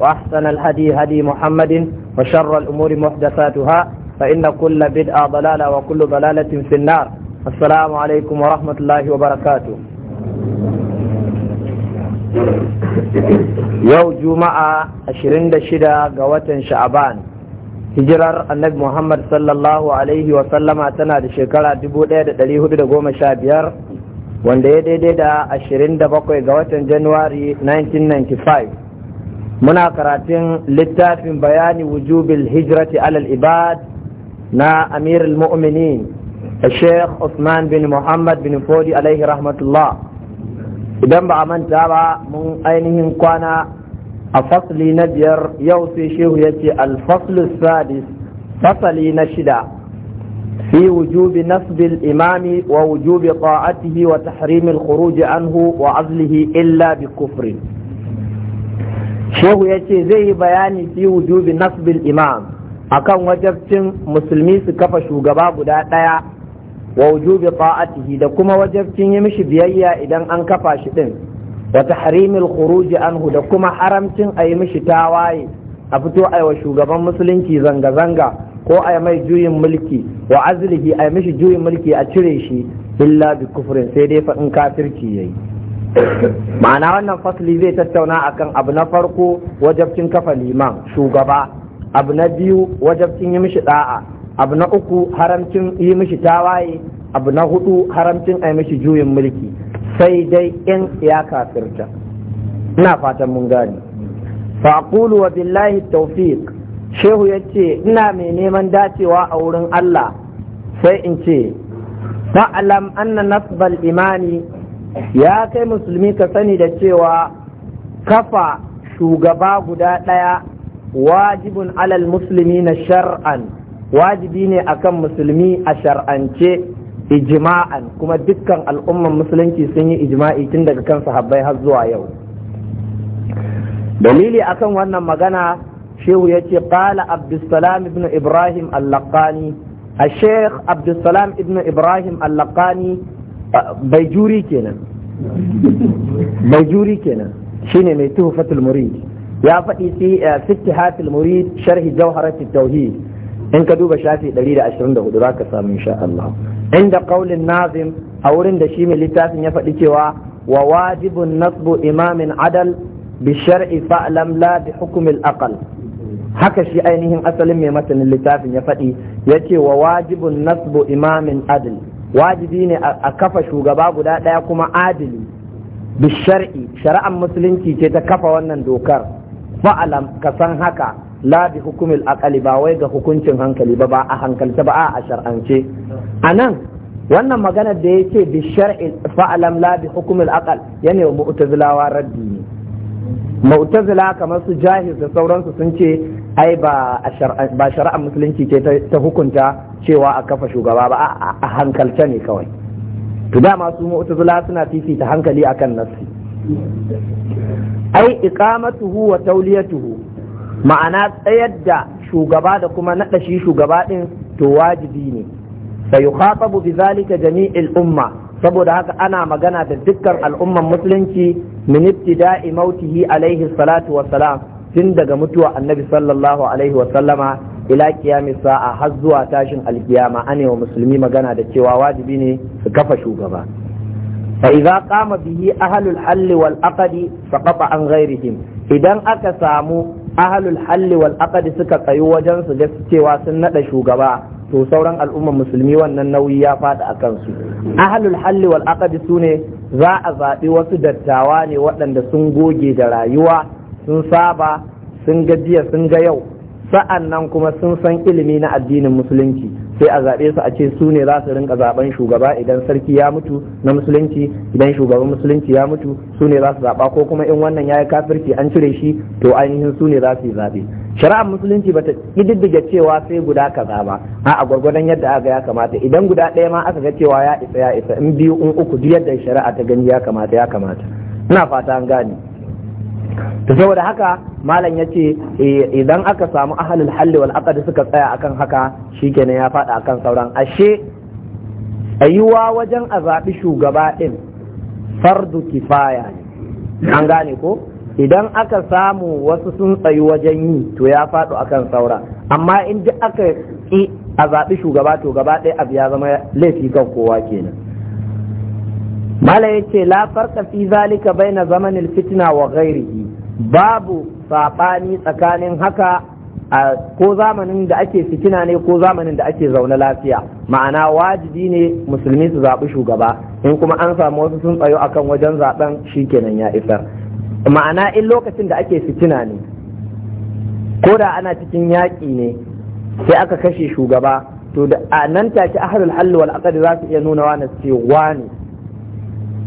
وأحسن الهدي هدي محمد وشر الأمور محدثاتها فإن كل بدعة ضلالة وكل ضلالة في النار السلام عليكم ورحمة الله وبركاته yau juma'a 26 ga watan sha'aban hijirar annabi muhammad sallallahu alaihi wasallama tana da shekara 1415 wanda ya daidai da 27 ga watan januwari 1995 muna karatun littafin bayani wujubil hijrati alal ibad na amir al-mu'minin sheikh Usman bin Muhammad bin Fodi alaihi rahmatullah idan ba a manta ba mun ainihin kwana a fasli na biyar yau sai shehu ya ce alfaslu sadis fasali na shida fi wujubi nasbil imami wa wujubi ta'atihi wa tahrimil khuruji anhu wa azlihi illa bi kufrin shehu ya ce zai yi bayani fi wujubi nasbil imam akan wajabcin musulmi su kafa shugaba guda ɗaya wa wujubi ta'atihi da kuma wajabcin yi mishi biyayya idan an kafa shi ɗin wa taharimil khuruji anhu da kuma haramcin a yi mishi tawaye a fito a wa shugaban musulunci zanga-zanga ko a yi mai juyin mulki wa azlihi a mishi juyin mulki a cire shi illa bi kufrin sai dai faɗin kafirci yayi ma'ana wannan fasli zai tattauna akan abu na farko wajabcin kafa liman shugaba abu na biyu wajabcin yi mishi da'a abu na uku haramcin yi mishi tawaye abu na hudu haramcin a mishi juyin mulki sai dai in ya kafirta ina fatan mun gane faqulu wa billahi tawfiq shehu yace ina mai neman dacewa a wurin Allah sai in ce fa'alam anna nasbal imani ya kai musulmi ka sani da cewa kafa shugaba guda ɗaya wajibin alal musulmi na shar'an wajibi ne akan musulmi a shar'ance ijima'an kuma dukkan al'umman musulunci sun yi ijima'i tun daga kan sahabbai har zuwa yau dalili akan wannan magana shehu ya ce kala abdussalam ibn ibrahim al-laqani الشيخ عبد ibn Ibrahim al bai juri kenan bai juri kenan shine mai tuhfatul murid ya faɗi fi eh, fikhatul murid sharhi jawharatit tauhid in ka duba shafi 124 zaka samu insha Allah inda qaulin nazim a wurin da shi mai littafin ya faɗi cewa wa wajibun nasbu imamin adal bi shar'i fa'lam la bi hukmil aqal haka shi ainihin asalin mai matanin littafin ya faɗi yace wa wajibun nasbu imamin adal wajibi ne a kafa shugaba guda ɗaya kuma adili shar'i shari'ar musulunci ce ta kafa wannan dokar fa'alam ka san haka la bi hukumil aqali ba wai ga hukuncin hankali ba ba a hankalce ba a shar'ance anan wannan magana da yake bi shar'i fa'alam la bi hukumil aqal yana wa mu'tazilawa raddi ne mu'tazila kamar su jahiz da sauransu sun ce ai ba shari'ar musulunci ce ta hukunta cewa a kafa shugaba ba a hankalce ne kawai to dama su mu'tazila suna fifita hankali akan nassi ai iqamatuhu wa tawliyatuhu ma'ana tsayar da shugaba da kuma naɗa shi shugaba ɗin to wajibi ne fa yukhatabu bi zalika jami'il umma saboda haka ana magana da dukkan al'umman musulunci min ibtida'i mautihi alaihi salatu wa salam tun daga mutuwa annabi sallallahu alaihi ila kiyami sa'a har zuwa tashin alkiyama ane wa musulmi magana da cewa wajibi ne su kafa shugaba fa idza qama bihi ahlul hall wal aqd faqata an ghairihim idan aka samu ahlul hall wal aqd suka tsayu wajen su da cewa sun nada shugaba to sauran al'umma musulmi wannan nauyi ya fada a kansu. ahlul hall wal aqd sune za a zaɓi wasu dattawa ne waɗanda sun goge da rayuwa sun saba sun gajiya sun ga yau sa'an nan kuma sun san ilimi na addinin musulunci sai a zaɓe su a ce su ne za su rinka zaɓen shugaba idan sarki ya mutu na musulunci idan shugaban musulunci ya mutu su ne za su zaɓa ko kuma in wannan ya yi kafirci an cire shi to ainihin su ne za su yi zaɓe shari'ar musulunci bata ƙididdiga cewa sai guda kaza ba a a gwargwadon yadda aka ya kamata idan guda ɗaya ma aka ga cewa ya isa ya isa in biyu in uku duk yadda shari'a ta gani ya kamata ya kamata ina fata an gane to saboda haka malam ya ce e, idan aka samu ahalul halli wal aqd suka tsaya akan haka shikenan ya faɗa akan sauran ashe ayuwa wajen a zaɓi shugaba ɗin fardu kifaya ne an gane ko idan aka samu wasu sun tsayi wajen yi to ya faɗo akan saura amma in duk aka ƙi a shugaba to gaba ɗaya abu ya zama laifi kan kowa kenan Malam ya ce la farka fi zalika baina zamanil fitna wa ghairihi babu saɓani tsakanin haka a ko zamanin da ake fitina ne ko zamanin da ake zaune lafiya ma'ana wajibi ne musulmi su zaɓi shugaba in kuma an samu wasu sun tsayo akan wajen zaɓen shikenan ya isar ma'ana in lokacin da ake fitina ne ko da ana cikin yaƙi ne sai aka kashe shugaba to da a nan take ahlul halli wal aqd za su iya nuna wani ce wani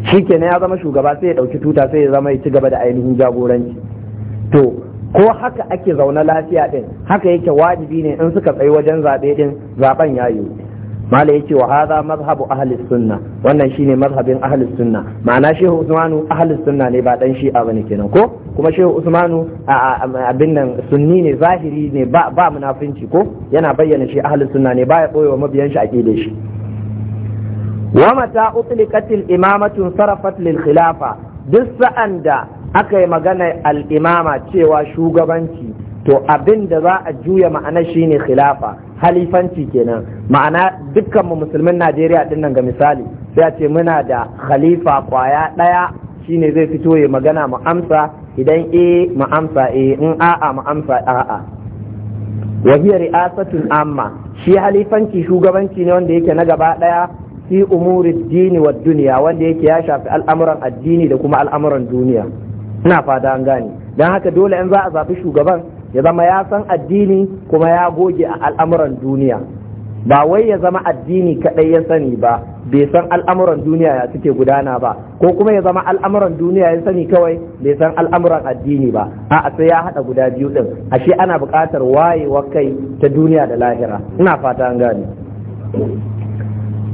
shi kenan ya zama shugaba sai ya ɗauki tuta sai ya zama ya ci gaba da ainihin jagoranci to ko haka ake zaune lafiya din haka yake wajibi ne in suka tsayi wajen zaɓe din zaɓen ya yi mala yake wa hadha mazhabu ahli sunna wannan shine mazhabin ahli sunna ma'ana shehu usmanu ahli sunna ne ba dan shi'a bane kenan ko kuma shehu usmanu abin nan sunni ne zahiri ne ba ba munafinci ko yana bayyana shi ahli sunna ne ba ya boye wa mabiyan shi aqidar shi wa mata utlikatil imamatun sarafat lil khilafa duk sa'an da aka yi magana imama cewa shugabanci to abin da za a juya ma'ana shine khilafa halifanci kenan ma'ana dukkan mu musulmin Najeriya din nan ga misali sai a ce muna da khalifa kwaya daya shine zai fito ya magana mu amsa idan eh mu amsa eh in a'a mu amsa a'a wa hiya ri'asatun amma shi halifanci shugabanci ne wanda yake na gaba daya fi umuri dini wa duniya wanda yake ya shafi al'amuran addini da kuma al'amuran duniya ina fata an gane don haka dole in za a zaɓi shugaban ya zama ya san addini kuma ya goge a al'amuran duniya ba wai ya zama addini kaɗai ya sani ba bai san al'amuran duniya ya suke gudana ba ko kuma ya zama al'amuran duniya ya sani kawai bai san al'amuran addini ba a sai ya haɗa guda biyu ɗin ashe ana buƙatar wayewa kai ta duniya da lahira ina fata an gane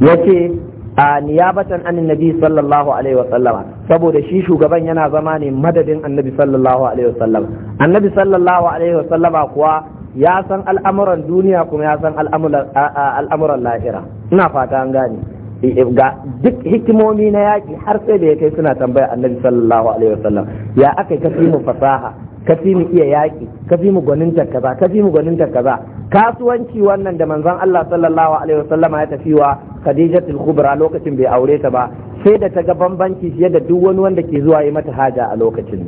yace a niyabatan anin nabi sallallahu alaihi wasallama saboda shi shugaban yana zama ne madadin annabi sallallahu alaihi wasallama annabi sallallahu alaihi wasallama kuwa ya san al'amuran duniya kuma ya san al'amuran lahira ina fata an gane e, e, ga duk hikimomi na yaki har sai da ya kai suna tambaya annabi sallallahu alaihi wasallam ya aka yi kafin fasaha ka fi mu iya yaƙi ka fi mu gwanintar kaza ka fi mu gwanintar kaza kasuwanci wannan da manzon Allah sallallahu alaihi wasallama ya tafi wa Khadijatul Kubra lokacin bai aure ta ba sai da ta ga bambanci fiye da duk wani wanda ke zuwa yi mata haja a lokacin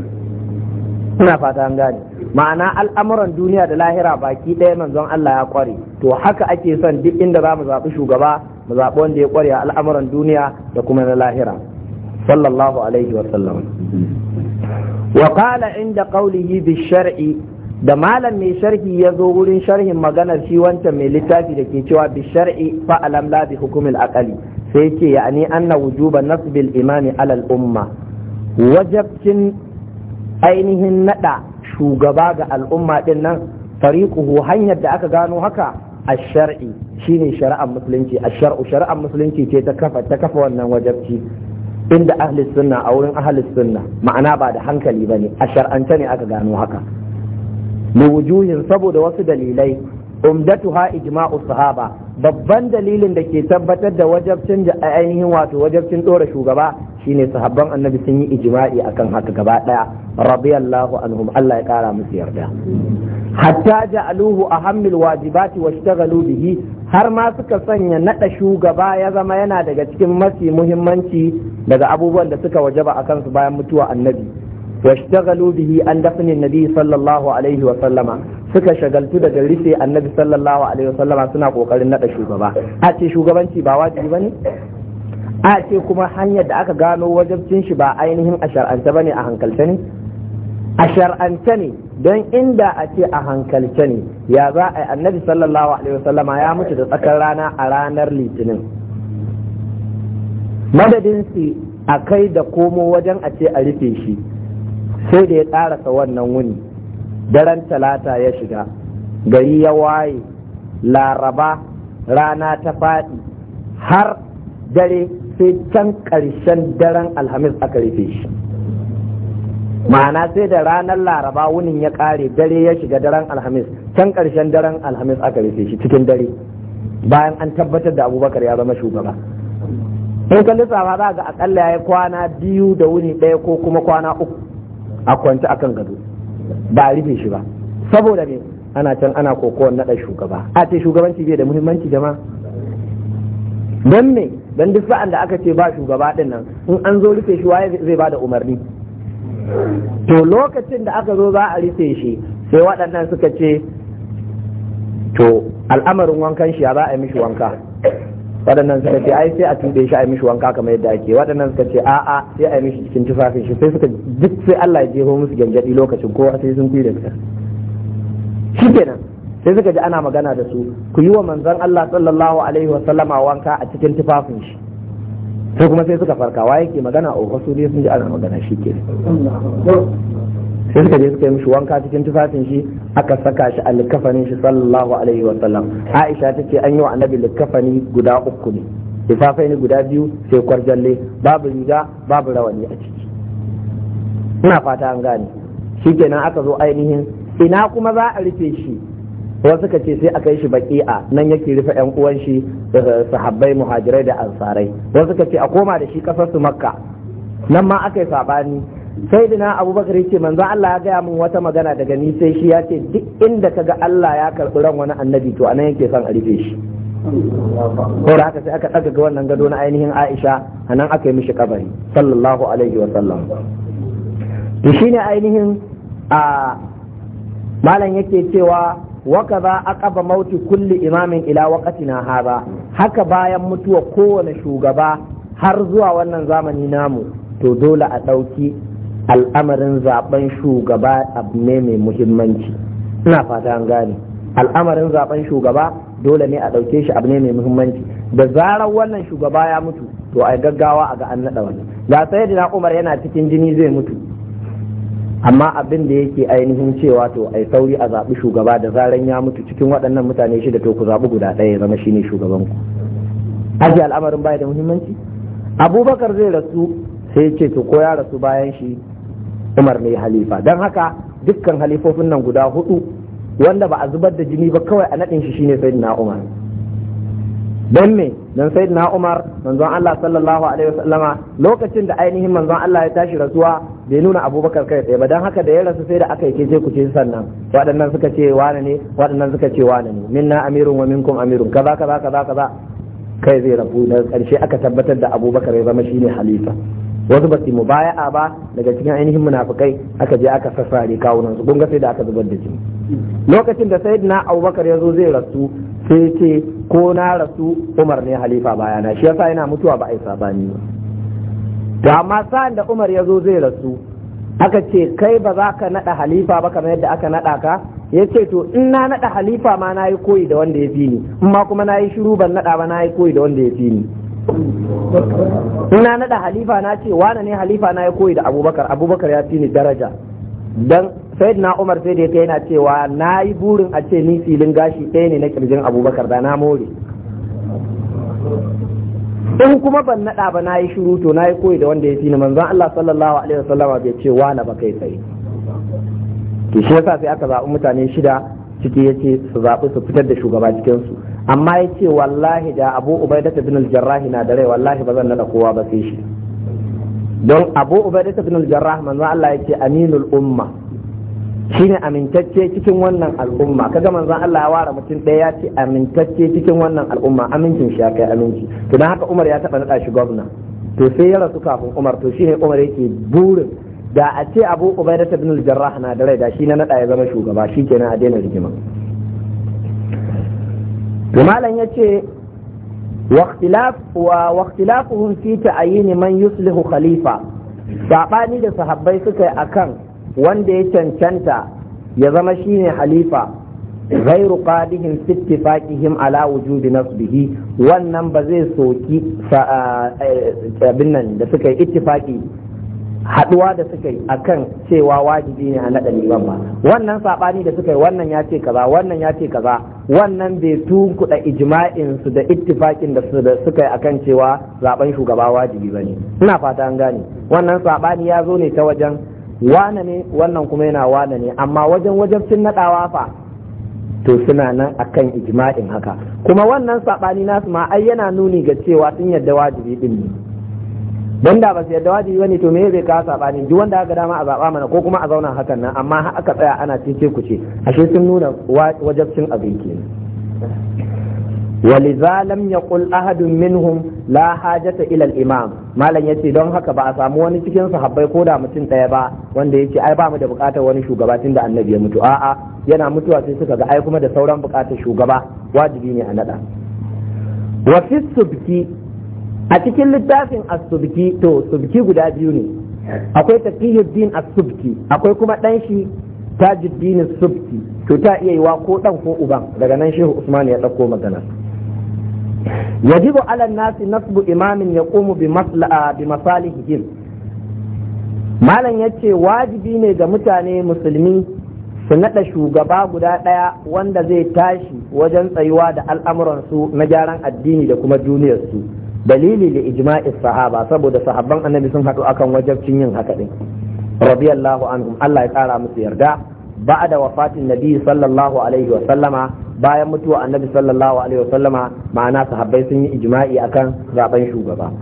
ina fata an gane ma'ana al'amuran duniya da lahira baki ɗaya manzon Allah ya kware to haka ake son duk inda za mu zaɓi shugaba mu zaɓi wanda ya kware a al'amuran duniya da kuma na lahira sallallahu alaihi wasallam wa qala inda qawlihi bi shar'i da malam mai sharhi ya zo wurin sharhin maganar shi wancan mai littafi da ke cewa bi shar'i fa alam la bi hukumil aqali sai yake yani anna wujuba nasbil imami alal umma wajabcin ainihin nada shugaba ga al'umma din nan fariquhu hanyar da aka gano haka a shari shine shari'ar musulunci A sharu shari'ar musulunci ce ta kafa ta kafa wannan wajabci inda ahli sunna a wurin ahli sunna ma'ana ba da hankali ba ne a shar'ance ne aka gano haka li wujuhin saboda wasu dalilai umdatuha ijma'u sahaba babban dalilin da ke tabbatar da wajabcin da ainihin wato wajabcin dora shugaba shine sahabban annabi sun yi ijma'i akan haka gaba daya radiyallahu anhum Allah ya kara musu yarda hatta ja'aluhu ahammil wajibati washtaghalu bihi har ma suka sanya nada shugaba ya zama yana daga cikin mafi muhimmanci daga abubuwan da suka wajaba akan su bayan mutuwa annabi washtaghalu bihi an dafnin nabi sallallahu alaihi wa sallama suka shagaltu daga rufe annabi sallallahu alaihi wasallama suna kokarin nada shugaba a ce shugabanci ba wajibi bane a ce kuma hanyar da aka gano wajabcin shi ba ainihin a shar'ance bane a hankalce ne a shar'ance ne don inda a ce a hankalce ne ya za a annabi sallallahu alaihi wasallama ya mutu da tsakar rana a ranar litinin madadin su a kai da komo wajen a ce a rufe shi sai da ya tsarasa wannan wuni daren talata ya shiga gari ya waye laraba rana ta faɗi har dare sai can ƙarshen daren alhamis aka rufe shi ma'ana sai da ranar laraba wunin ya ƙare dare ya shiga daren alhamis can ƙarshen daren alhamis aka rufe shi cikin dare bayan an tabbatar da abubakar ya zama shugaba in ka lissafa za ga akalla ya yi kwana biyu da wuni ɗaya ko kuma kwana uku a kwance akan gado ba a rufe shi ba saboda me ana can ana kokowar naɗa shugaba a ce shugabanci bai da muhimmanci jama'a don me don duk sa'an da aka ce ba shugaba din nan in an zo rufe shi waye zai bada umarni to lokacin da aka zo za a rufe shi sai waɗannan suka ce to al'amarin wankan shi ya za a yi mishi wanka waɗannan suka ce ai sai a tuɗe shi a yi mishi wanka kamar yadda ake waɗannan suka ce a'a sai a yi mishi cikin tufafin shi sai suka duk sai Allah ya jefo musu gyangyaɗi lokacin kowa sai sun kuyi da suka shi kenan sai suka ji ana magana da su ku yi wa manzon Allah sallallahu alaihi wa sallama wanka a cikin tufafin shi sai kuma sai suka farka Waye ke magana o wasu ne sun ji ana magana shi kenan sai suka je suka yi mishi wanka cikin tufafin shi aka saka shi a likafanin shi sallallahu alaihi wa sallam aisha ta ce an yi wa annabi likafani guda uku ne tufafai ne guda biyu sai kwarjalle babu riga babu rawani a ciki ina fata an gane shikenan aka zo ainihin ina kuma za a rufe shi wasu suka ce sai a kai shi baki'a nan yake rufe yan uwan shi sahabbai muhajirai da ansarai wasu suka ce a koma da shi kasar su makka nan ma aka yi sabani sai dina abubakar yace manzo Allah ya gaya mun wata magana daga ni sai shi ya ce duk inda kaga Allah ya karɓi ran wani annabi to anan yake son a rufe shi da haka sai aka ɗaga ga wannan gado na ainihin Aisha anan aka yi mishi kabari sallallahu alaihi wa sallam to shine ainihin a malam yake cewa wa kaza aqaba mauti kulli imamin ila waqtina hadha haka bayan mutuwa kowane shugaba har zuwa wannan zamani namu to dole a ɗauki al'amarin zaben shugaba abu ne mai muhimmanci ina fata an gane al'amarin zaben shugaba dole ne a ɗauke shi abu ne mai muhimmanci da zarar wannan shugaba ya mutu to a gaggawa a ga an naɗa wani ga sai da umar yana cikin jini zai mutu amma abin da yake ainihin cewa to ai sauri a zaɓi shugaba da zarar ya mutu cikin waɗannan mutane shida to ku zaɓi guda ɗaya ya zama shine shugaban ku aji al'amarin baya da muhimmanci abubakar zai rasu sai ce to ko ya rasu bayan shi umar ne halifa don haka dukkan halifofin nan guda hudu wanda ba a zubar da jini ba kawai a naɗin shi shine sayyidina umar don me don sayyidina umar manzon Allah sallallahu alaihi wasallama lokacin da ainihin manzon Allah ya tashi rasuwa bai nuna abubakar kai tsaye ba don haka da ya rasu sai da aka yi kece kuce sannan waɗannan suka ce wane ne waɗannan suka ce wane ne minna amirun wa minkum amirun kaza kaza kaza kaza kai zai rabu da ƙarshe aka tabbatar da abubakar ya zama shine halifa wasu ba su mubaya'a ba daga cikin ainihin munafukai, aka je aka sassare kawunan su kun ga sai da aka zubar da jini lokacin da sayyidina abubakar ya zo zai rasu sai ce ko na rasu umar ne halifa na, shi yasa yana mutuwa ba ai sabani ba to amma sa'an da umar yazo zai rasu aka ce kai ba za ka naɗa halifa ba kamar yadda aka naɗa ka ya ce to in na naɗa halifa ma na yi koyi da wanda ya fi ni amma kuma na yi shiru ban naɗa ba na yi koyi da wanda ya fi ni ina nada halifa na ce wane ne halifa na ya koyi da abubakar abubakar ya fi ni daraja dan said na umar sai da ya yana cewa na yi burin a ce ni filin gashi ɗaya ne na kirjin abubakar da na more in kuma ban naɗa ba na yi shiru to na yi koyi da wanda ya fi ni manzon allah sallallahu alaihi wasallama bai ce wane ba kai tsaye to shi yasa sai aka zaɓi mutane shida ciki ya ce su zaɓi su fitar da shugaba cikinsu amma ya ce wallahi da abu ubaidata bin al-jarrahi na da rai wallahi ba zan nada kowa ba sai shi don abu ubaidata bin al jarrahi manzo Allah ya ce aminul umma shine amintacce cikin wannan al'umma kaga manzo Allah ya ware mutum ɗaya ya ce amintacce cikin wannan al'umma amincin shi ya kai aminci to dan haka Umar ya taba nada shi gwamna to sai ya rasu kafin Umar to shine Umar yake burin da a ce abu ubaidata bin al jarrahi na da rai da shi na nada ya zama shugaba shikenan a daina rigima to malam yace واختلاف واختلافهم في تعيين من يصلح khalifa saɓani da sahabbai suka yi akan wanda ya cancanta ya zama shine halifa ghairu qadihim fi ittifaqihim ala wujudi nasbihi wannan ba zai soki eh, eh, abin nan da suka yi ittifaqi Haɗuwa da suka yi akan cewa wajibi ne a naɗa liman ba wannan saɓani da suka yi wannan ya ce kaza wannan ya ce kaza wannan bai kuɗa ijma'in su da ittifakin da suka yi akan cewa zaben shugaba wajibi ba ne ina fata an gane wannan saɓani ya zo ne ta wajen wane ne wannan kuma yana wane ne amma wajen wajen sun naɗawa fa to suna nan akan ijma'in haka kuma wannan saɓani nasu ma ai yana nuni ga cewa sun yadda wajibi din ne Don da ba su yadda wajibi wani to meye bai kawo sabani duk wanda aka dama a zaba mana ko kuma a zauna hakan nan amma har aka tsaya ana ku kuce ashe sun nuna wajabcin abin abinci. ولذا لم يقل أحد منهم lahajata حاجة إلى malam ya ce don haka ba a samu wani cikin sahabbai ko da mutum ɗaya ba wanda ya ce ai ba mu da buƙatar wani shugaba tun da annabi ya mutu a'a yana mutuwa sai suka ga ai kuma da sauran buƙatar shugaba wajibi ne a naɗa wa fi subki a cikin littafin asubki to subki guda biyu ne akwai taqiyuddin as akwai kuma dan shi tajuddin as to ta iya yiwa ko dan ko uban daga nan shehu usman ya dauko magana yajibu ala nasi nasbu imamin yaqumu bi masla'a bi masalihihim malam yace wajibi ne ga mutane musulmi su naɗa shugaba guda ɗaya wanda zai tashi wajen tsayuwa da al'amuransu na gyaran addini da kuma duniyarsu dalili da ijma'i sahaba saboda sahabban annabi sun haɗu akan wajabcin yin haka din radiyallahu anhum Allah ya kara musu yarda ba'da wafatin nabi sallallahu alaihi wa sallama bayan mutuwa annabi sallallahu alaihi wa sallama ma'ana sahabbai sun yi ijma'i akan zaben shugaba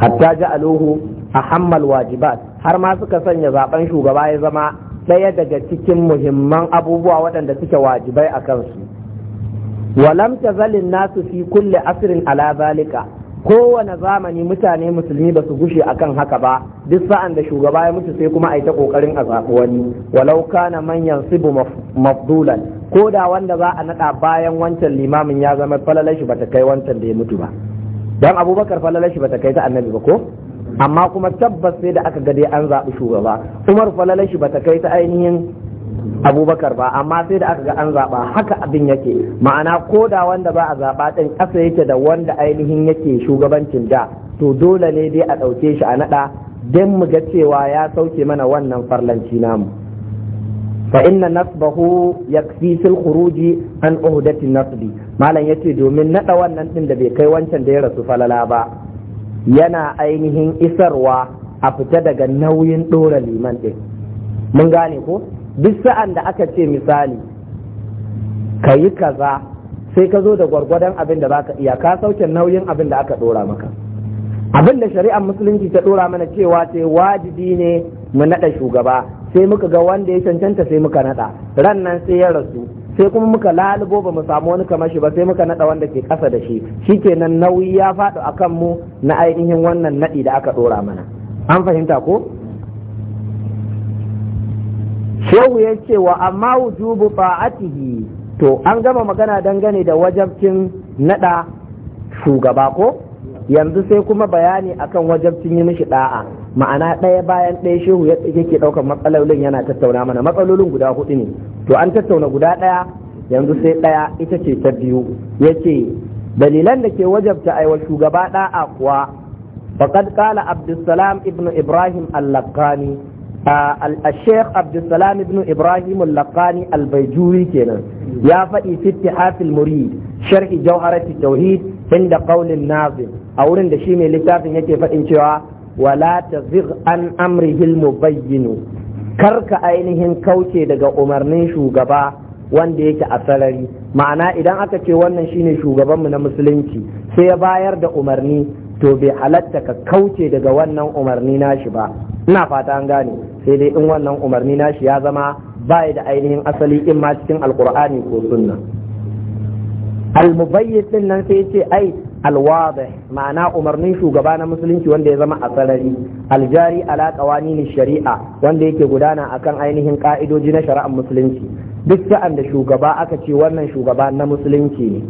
hatta ja'aluhu ahammal wajibat har ma suka sanya zaben shugaba ya zama ɗaya daga cikin muhimman abubuwa waɗanda suke wajibai a kansu walam tazalin nasu fi kulle asrin ala zalika kowane zamani mutane musulmi ba su gushe akan haka ba duk sa'an da shugaba ya mutu sai kuma a yi ta kokarin a zaɓi wani walau kana manyan sibu mafdulan ko da wanda za a naɗa bayan wancan limamin ya zama falalar shi bata kai wancan da ya mutu ba dan abubakar falalar shi bata kai ta annabi ba ko amma kuma tabbas sai da aka ga dai an zaɓi shugaba umar falalar shi bata kai ta ainihin abubakar ba amma sai da aka ga an zaɓa haka abin yake ma'ana ko da wanda ba a zaɓa ɗin ƙasa yake da wanda ainihin yake shugabancin da to dole ne dai a ɗauke shi a naɗa don mu ga cewa ya sauke mana wannan farlanci namu fa inna nasbahu yakfi fil an uhdati nasbi malam yace domin naɗa wannan ɗin da bai kai wancan da ya rasu falala ba yana ainihin isarwa a fita daga nauyin ɗora liman ɗin mun gane ko duk sa'an da aka ce misali ka yi kaza sai ka zo da gwargwadon abin da baka iya ka sauke nauyin abin da aka dora maka abin da shari'ar musulunci ta dora mana cewa sai wajibi ne mu naɗa shugaba sai muka ga wanda ya cancanta sai muka naɗa ran nan sai ya rasu sai kuma muka lalubo ba mu samu wani kamar shi ba sai muka naɗa wanda ke kasa da shi shikenan nauyi ya faɗo akan mu na ainihin wannan nadi da aka dora mana an fahimta ko shehu ya ce wa amma wujubu fa'atihi to an gama magana dangane da wajabcin nada shugaba ko yanzu sai kuma bayani akan wajabcin yi mishi da'a ma'ana ɗaya bayan ɗaya shehu yake ɗaukar matsalolin yana tattauna mana matsalolin guda hudu ne to an tattauna guda ɗaya yanzu sai ɗaya ita ce ta biyu ya dalilan da ke wajabta aiwa shugaba ɗa'a kuwa faqad ƙala abdulsalam ibnu ibrahim al laqani al-sheikh abdulsalam ibn ibrahim al-laqani al-baijuri kenan ya faɗi fi hafil murid sharhi jawharati tauhid inda qaulin nazim a wurin da shi mai littafin yake faɗin cewa wala tazigh an amrihi al Kar ka ainihin kauce daga umarnin shugaba wanda yake a sarari ma'ana idan aka ce wannan shine shugabanmu na musulunci sai ya bayar da umarni to bai halatta ka kauce daga wannan umarni nashi ba ina fata an gane sai dai in wannan umarni nashi ya zama baya da ainihin asali in ma cikin alkur'ani ko sunna almubayyin din nan sai ce ai alwazi ma'ana umarnin shugaba na musulunci wanda ya zama a sarari aljari ala ni shari'a wanda yake gudana akan ainihin ka'idoji na shari'ar musulunci duk sa'an da shugaba aka ce wannan shugaba na musulunci ne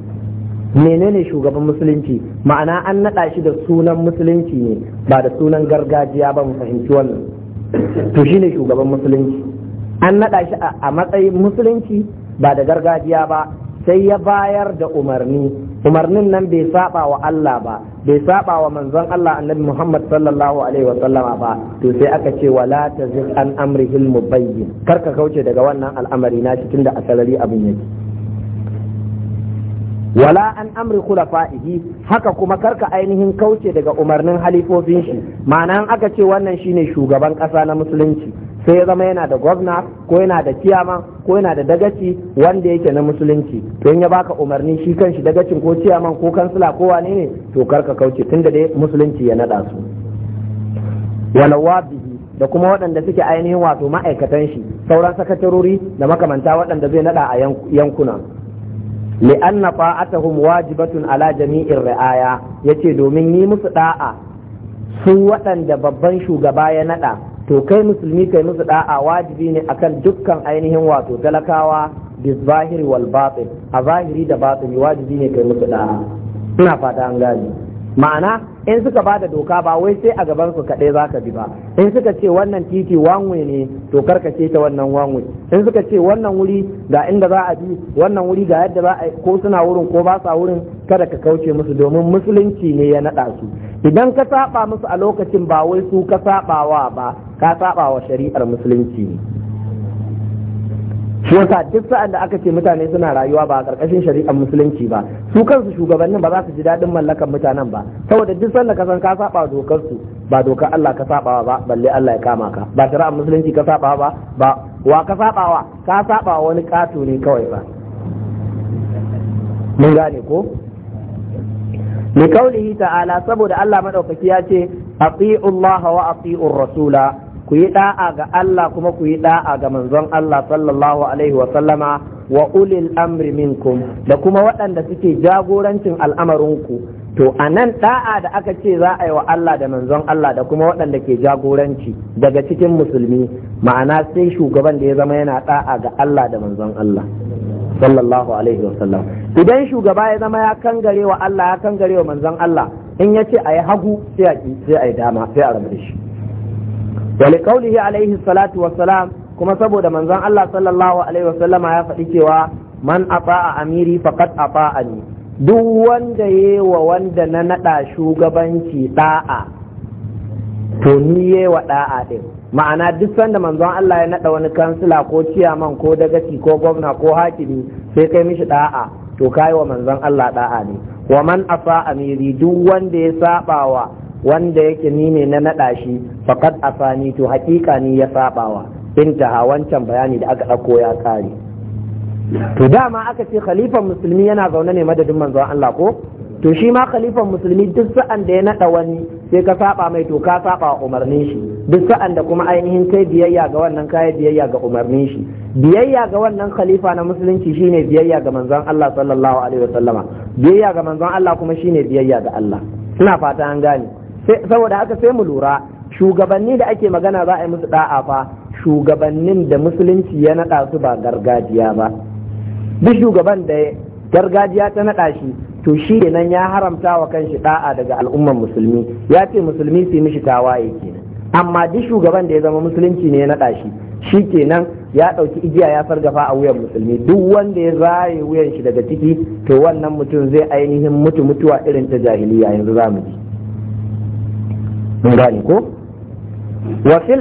menene shugaban musulunci ma'ana an naɗa shi da sunan musulunci ne ba da sunan gargajiya ba mu fahimci wannan to shine shugaban musulunci an naɗa shi a matsayin musulunci ba da gargajiya ba sai ya bayar da umarni umarnin nan bai saba wa Allah ba bai saba wa manzon Allah annabi Muhammad sallallahu alaihi wa sallama ba to sai aka ce wala tazid an amrihil mubayyin karka kauce daga wannan al'amari na cikin da asalari abin yake wala an amri khulafa'ihi haka kuma karka ainihin kauce daga umarnin halifofin shi ma'ana aka ce wannan shine shugaban kasa na musulunci sai ya zama yana da gwamna ko yana da ciyama, ko yana da dagaci wanda yake na musulunci to ya baka umarni shi kanshi dagacin ko ciyaman ko kansila ko wane ne to karka kauce tunda dai musulunci ya nada su walawabi da kuma waɗanda suke ainihin wato ma'aikatan shi sauran sakatarori da makamanta waɗanda zai nada a yankuna li'anna ta'atuhum wajibatun ala jami'ir ri'aya yace domin yi musu da'a su waɗanda babban shugaba ya nada to kai musulmi kai musu da'a wajibi ne akan dukkan ainihin wato talakawa bi wal batin a zahiri da batini wajibi ne kai musu da'a ina fata an gane ma'ana in suka ba da doka ba wai sai a gaban su kaɗai za ka bi ba in suka ce wannan titi wanwe ne to karkace ta wannan wanwe in suka ce wannan wuri ga inda za a bi wannan wuri ga yadda za a ko suna wurin ko ba sa wurin kada ka kauce musu domin musulunci ne ya naɗa su idan ka saba musu a lokacin ba wai su ka sabawa ba ka saba wa shari'ar musulunci ne shi yasa duk sa'an da aka ce mutane suna rayuwa ba a ƙarƙashin shari'ar musulunci ba su kansu shugabannin ba za su ji daɗin mallakan mutanen ba saboda duk sanda ka san ka saba dokar su ba dokar Allah ka saba ba balle Allah ya kama ka ba shari'ar musulunci ka saba ba ba wa ka saba wa ka saba wani kato ne kawai ba mun gane ko li kaulihi ta'ala saboda Allah madaukaki ya ce ati'u Allah wa ati'ur rasula ku yi da'a ga Allah kuma ku yi da'a ga manzon Allah sallallahu alaihi wa sallama wa ulil amri minkum da kuma waɗanda suke jagorancin al'amarinku to a nan da'a da aka ce za a yi wa Allah da manzon Allah da kuma waɗanda ke jagoranci daga cikin musulmi ma'ana sai shugaban da ya zama yana da'a ga Allah da manzon Allah sallallahu alaihi wa sallam idan shugaba ya zama ya kangare wa Allah ya kangare wa manzon Allah in ya ce a yi hagu sai a sai a yi dama sai a rabu da shi wa liqaulihi alaihi salatu wassalam kuma saboda manzon Allah sallallahu alaihi sallama ya faɗi cewa man ata'a amiri faqad ata'ani duk wanda yewa wanda na nada shugabanci da'a to ni yewa da'a din ma'ana duk sanda manzon Allah ya nada wani kansila ko ciyaman ko dagaci ko gwamna ko hakimi sai kai mishi da'a to kai wa manzon Allah da'a ne wa man afa amiri duk wanda ya sabawa wanda yake ni ne na naɗa shi a Sani to haƙiƙa ni ya saɓawa, intaha wancan bayani da aka ɗauko ya ƙare to dama aka ce khalifan musulmi yana zaune ne madadin manzon Allah ko to shi ma khalifan musulmi duk sa'an da ya naɗa wani sai ka saɓa mai to ka saɓa wa umarnin shi duk sa'an da kuma ainihin kai biyayya ga wannan kaya biyayya ga umarnin shi biyayya ga wannan khalifa na musulunci shine biyayya ga manzon Allah sallallahu alaihi wasallama biyayya ga manzon Allah kuma shine biyayya ga Allah ina fata an gane saboda haka sai mu lura shugabanni da ake magana za a yi musu da'a fa shugabannin da musulunci ya naɗa su ba gargajiya ba duk shugaban da gargajiya ta naɗa shi to shi kenan ya haramta wa kanshi da'a daga al'ummar musulmi ya ce musulmi su yi mishi tawaye kenan amma duk shugaban da ya zama musulunci ne ya naɗa shi shi kenan ya ɗauki igiya ya fargafa a wuyan musulmi duk wanda ya zaye wuyan shi daga ciki to wannan mutum zai ainihin mutu mutuwa irin ta jahiliya yanzu za mu ji wasil ko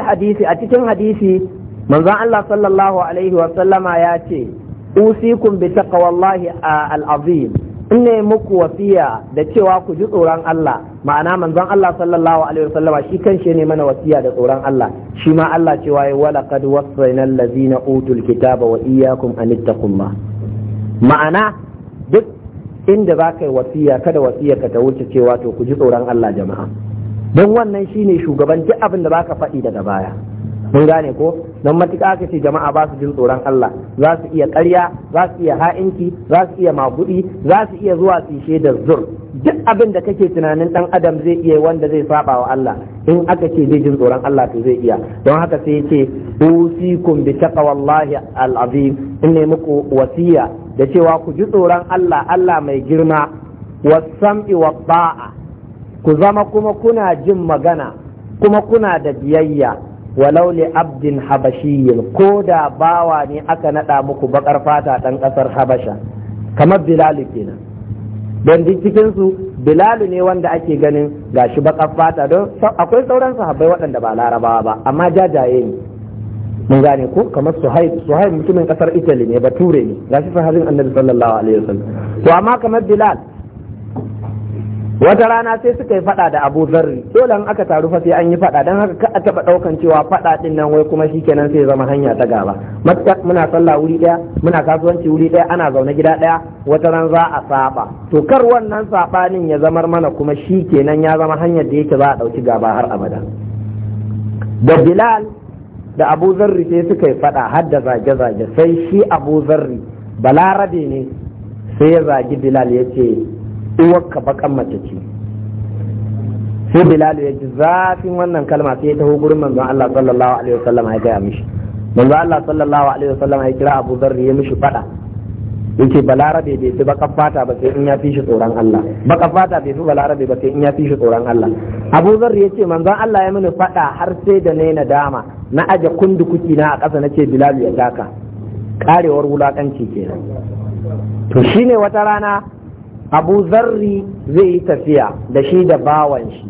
hadisi a cikin hadisi manzon Allah sallallahu alaihi wa sallama ya ce usikum bi taqwallahi al-azim ne muku wasiya da cewa ku ji tsoron Allah ma'ana manzon Allah sallallahu alaihi wa sallama shi kanshi ne mana wasiya da tsoron Allah shi ma Allah cewa ya wala qad wasaina allazina utul kitaba wa iyyakum an ittaqullah ma'ana duk inda za ka yi wasiya kada wasiya ka ta wuce cewa to ku ji tsoron Allah jama'a don wannan shine shugaban duk abin da baka faɗi daga baya mun gane ko don matuƙa aka ce jama'a ba su jin tsoron Allah za su iya ƙarya za su iya ha'inci za su iya maguɗi za su iya zuwa su da zur duk abin da kake tunanin ɗan adam zai iya wanda zai saba wa Allah in aka ce zai jin tsoron Allah to zai iya don haka sai ya ce usikum bi taqwallahi alazim in ne muku wasiya da cewa ku ji tsoron Allah Allah mai girma wasam'i wa ba'a ku zama kuma kuna jin magana kuma kuna da biyayya walau li abdin habashiyin ko da bawa ne aka naɗa muku bakar fata ɗan ƙasar habasha kamar bilalu kenan don cikinsu bilalu ne wanda ake ganin gashi bakar fata don akwai sauran sahabbai waɗanda ba larabawa ba amma jajaye ne mun gane ko kamar suhaib suhaib mutumin kasar italy ne bature ne gashi sahabin annabi sallallahu alaihi wasallam to amma kamar bilal wata rana sai suka yi fada da Abu Zarri dole an aka taru fa sai an yi fada dan haka ka taba daukan cewa fada din nan wai kuma shikenan sai zama hanya ta gaba matakar muna sallah wuri daya muna kasuwanci wuri daya ana zaune gida daya wata ran za a saba to kar wannan sabanin ya zamar mana kuma shikenan ya zama hanyar da yake za a dauki gaba har abada da Bilal da Abu Zarri sai suka yi fada har da zage-zage sai shi Abu Zarri balarabe ne sai ya zagi Bilal ya ce uwarka bakan mace ce sai bilal ya ji zafin wannan kalma sai ya taho gurin manzon Allah sallallahu alaihi wasallam ya ga mishi manzon Allah sallallahu alaihi wasallam ya kira Abu Dharr ya mishi fada yake balarabe bai fi bakan fata ba sai in ya fi shi tsoron Allah bakan fata bai fi balarabe ba sai in ya fi shi tsoron Allah Abu Dharr ce manzon Allah ya mini fada har sai da na dama. na aje kuki na a ƙasa nace bilal ya daka karewar wulakanci kenan to shine wata rana abu zarri zai yi tafiya da shi da bawan shi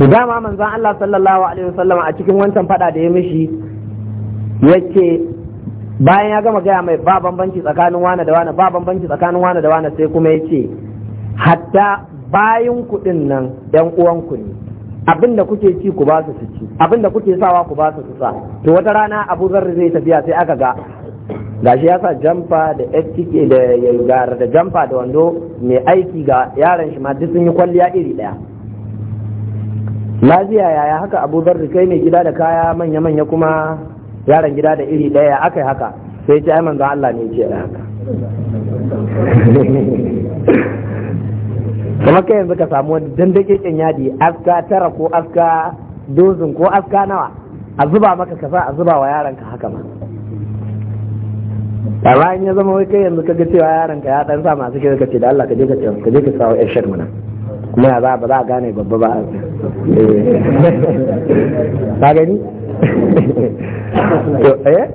to dama manzan Allah sallallahu alaihi wasallam a cikin wancan fada da ya mishi yake bayan ya gama gaya mai ba bambanci tsakanin wane da wane ba bambanci tsakanin wane da wane sai kuma yace hatta bayan kuɗin nan yan uwanku ne abin da kuke ci ku ba su ci abin da kuke sawa ku ba su su sa to wata rana abu zarri zai tafiya sai aka ga gashi ya sa jamfa da ftk da gara da jamfa da wando mai aiki ga yaran shi ma duk sun yi kwalliya iri daya lafiya yaya haka abu zarri kai mai gida da kaya manya-manya kuma yaran gida da iri daya aka yi haka sai ce ai manzo Allah ne ce haka kuma kai yanzu ka samu wani kin yadi aska tara ko aska dozin ko aska nawa a zuba maka kasa a zuba wa yaranka haka ma amma in ya zama wai kai yanzu kaga cewa yaron ka ya dan sa masu kira ce da Allah ka je ka ka je ka sawo ƴan shar na. kuma ya ba ba za a gane babba ba eh. ka gani to eh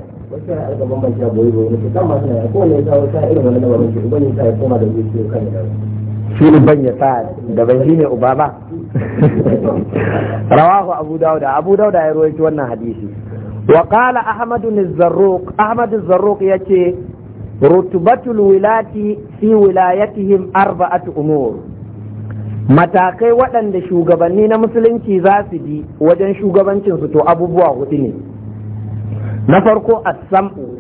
shi ban ya sa ban shi ne uba ba rawahu abu dauda abu dauda ya rawaito wannan hadisi wa Ahmadu ahmad Ahmadu zarruq ya ce, zarruq rutubatul wilati fi wilayatihim arba'atu umur matakai waɗanda shugabanni na musulunci za su bi wajen shugabancinsu to abubuwa hudu ne na farko a samu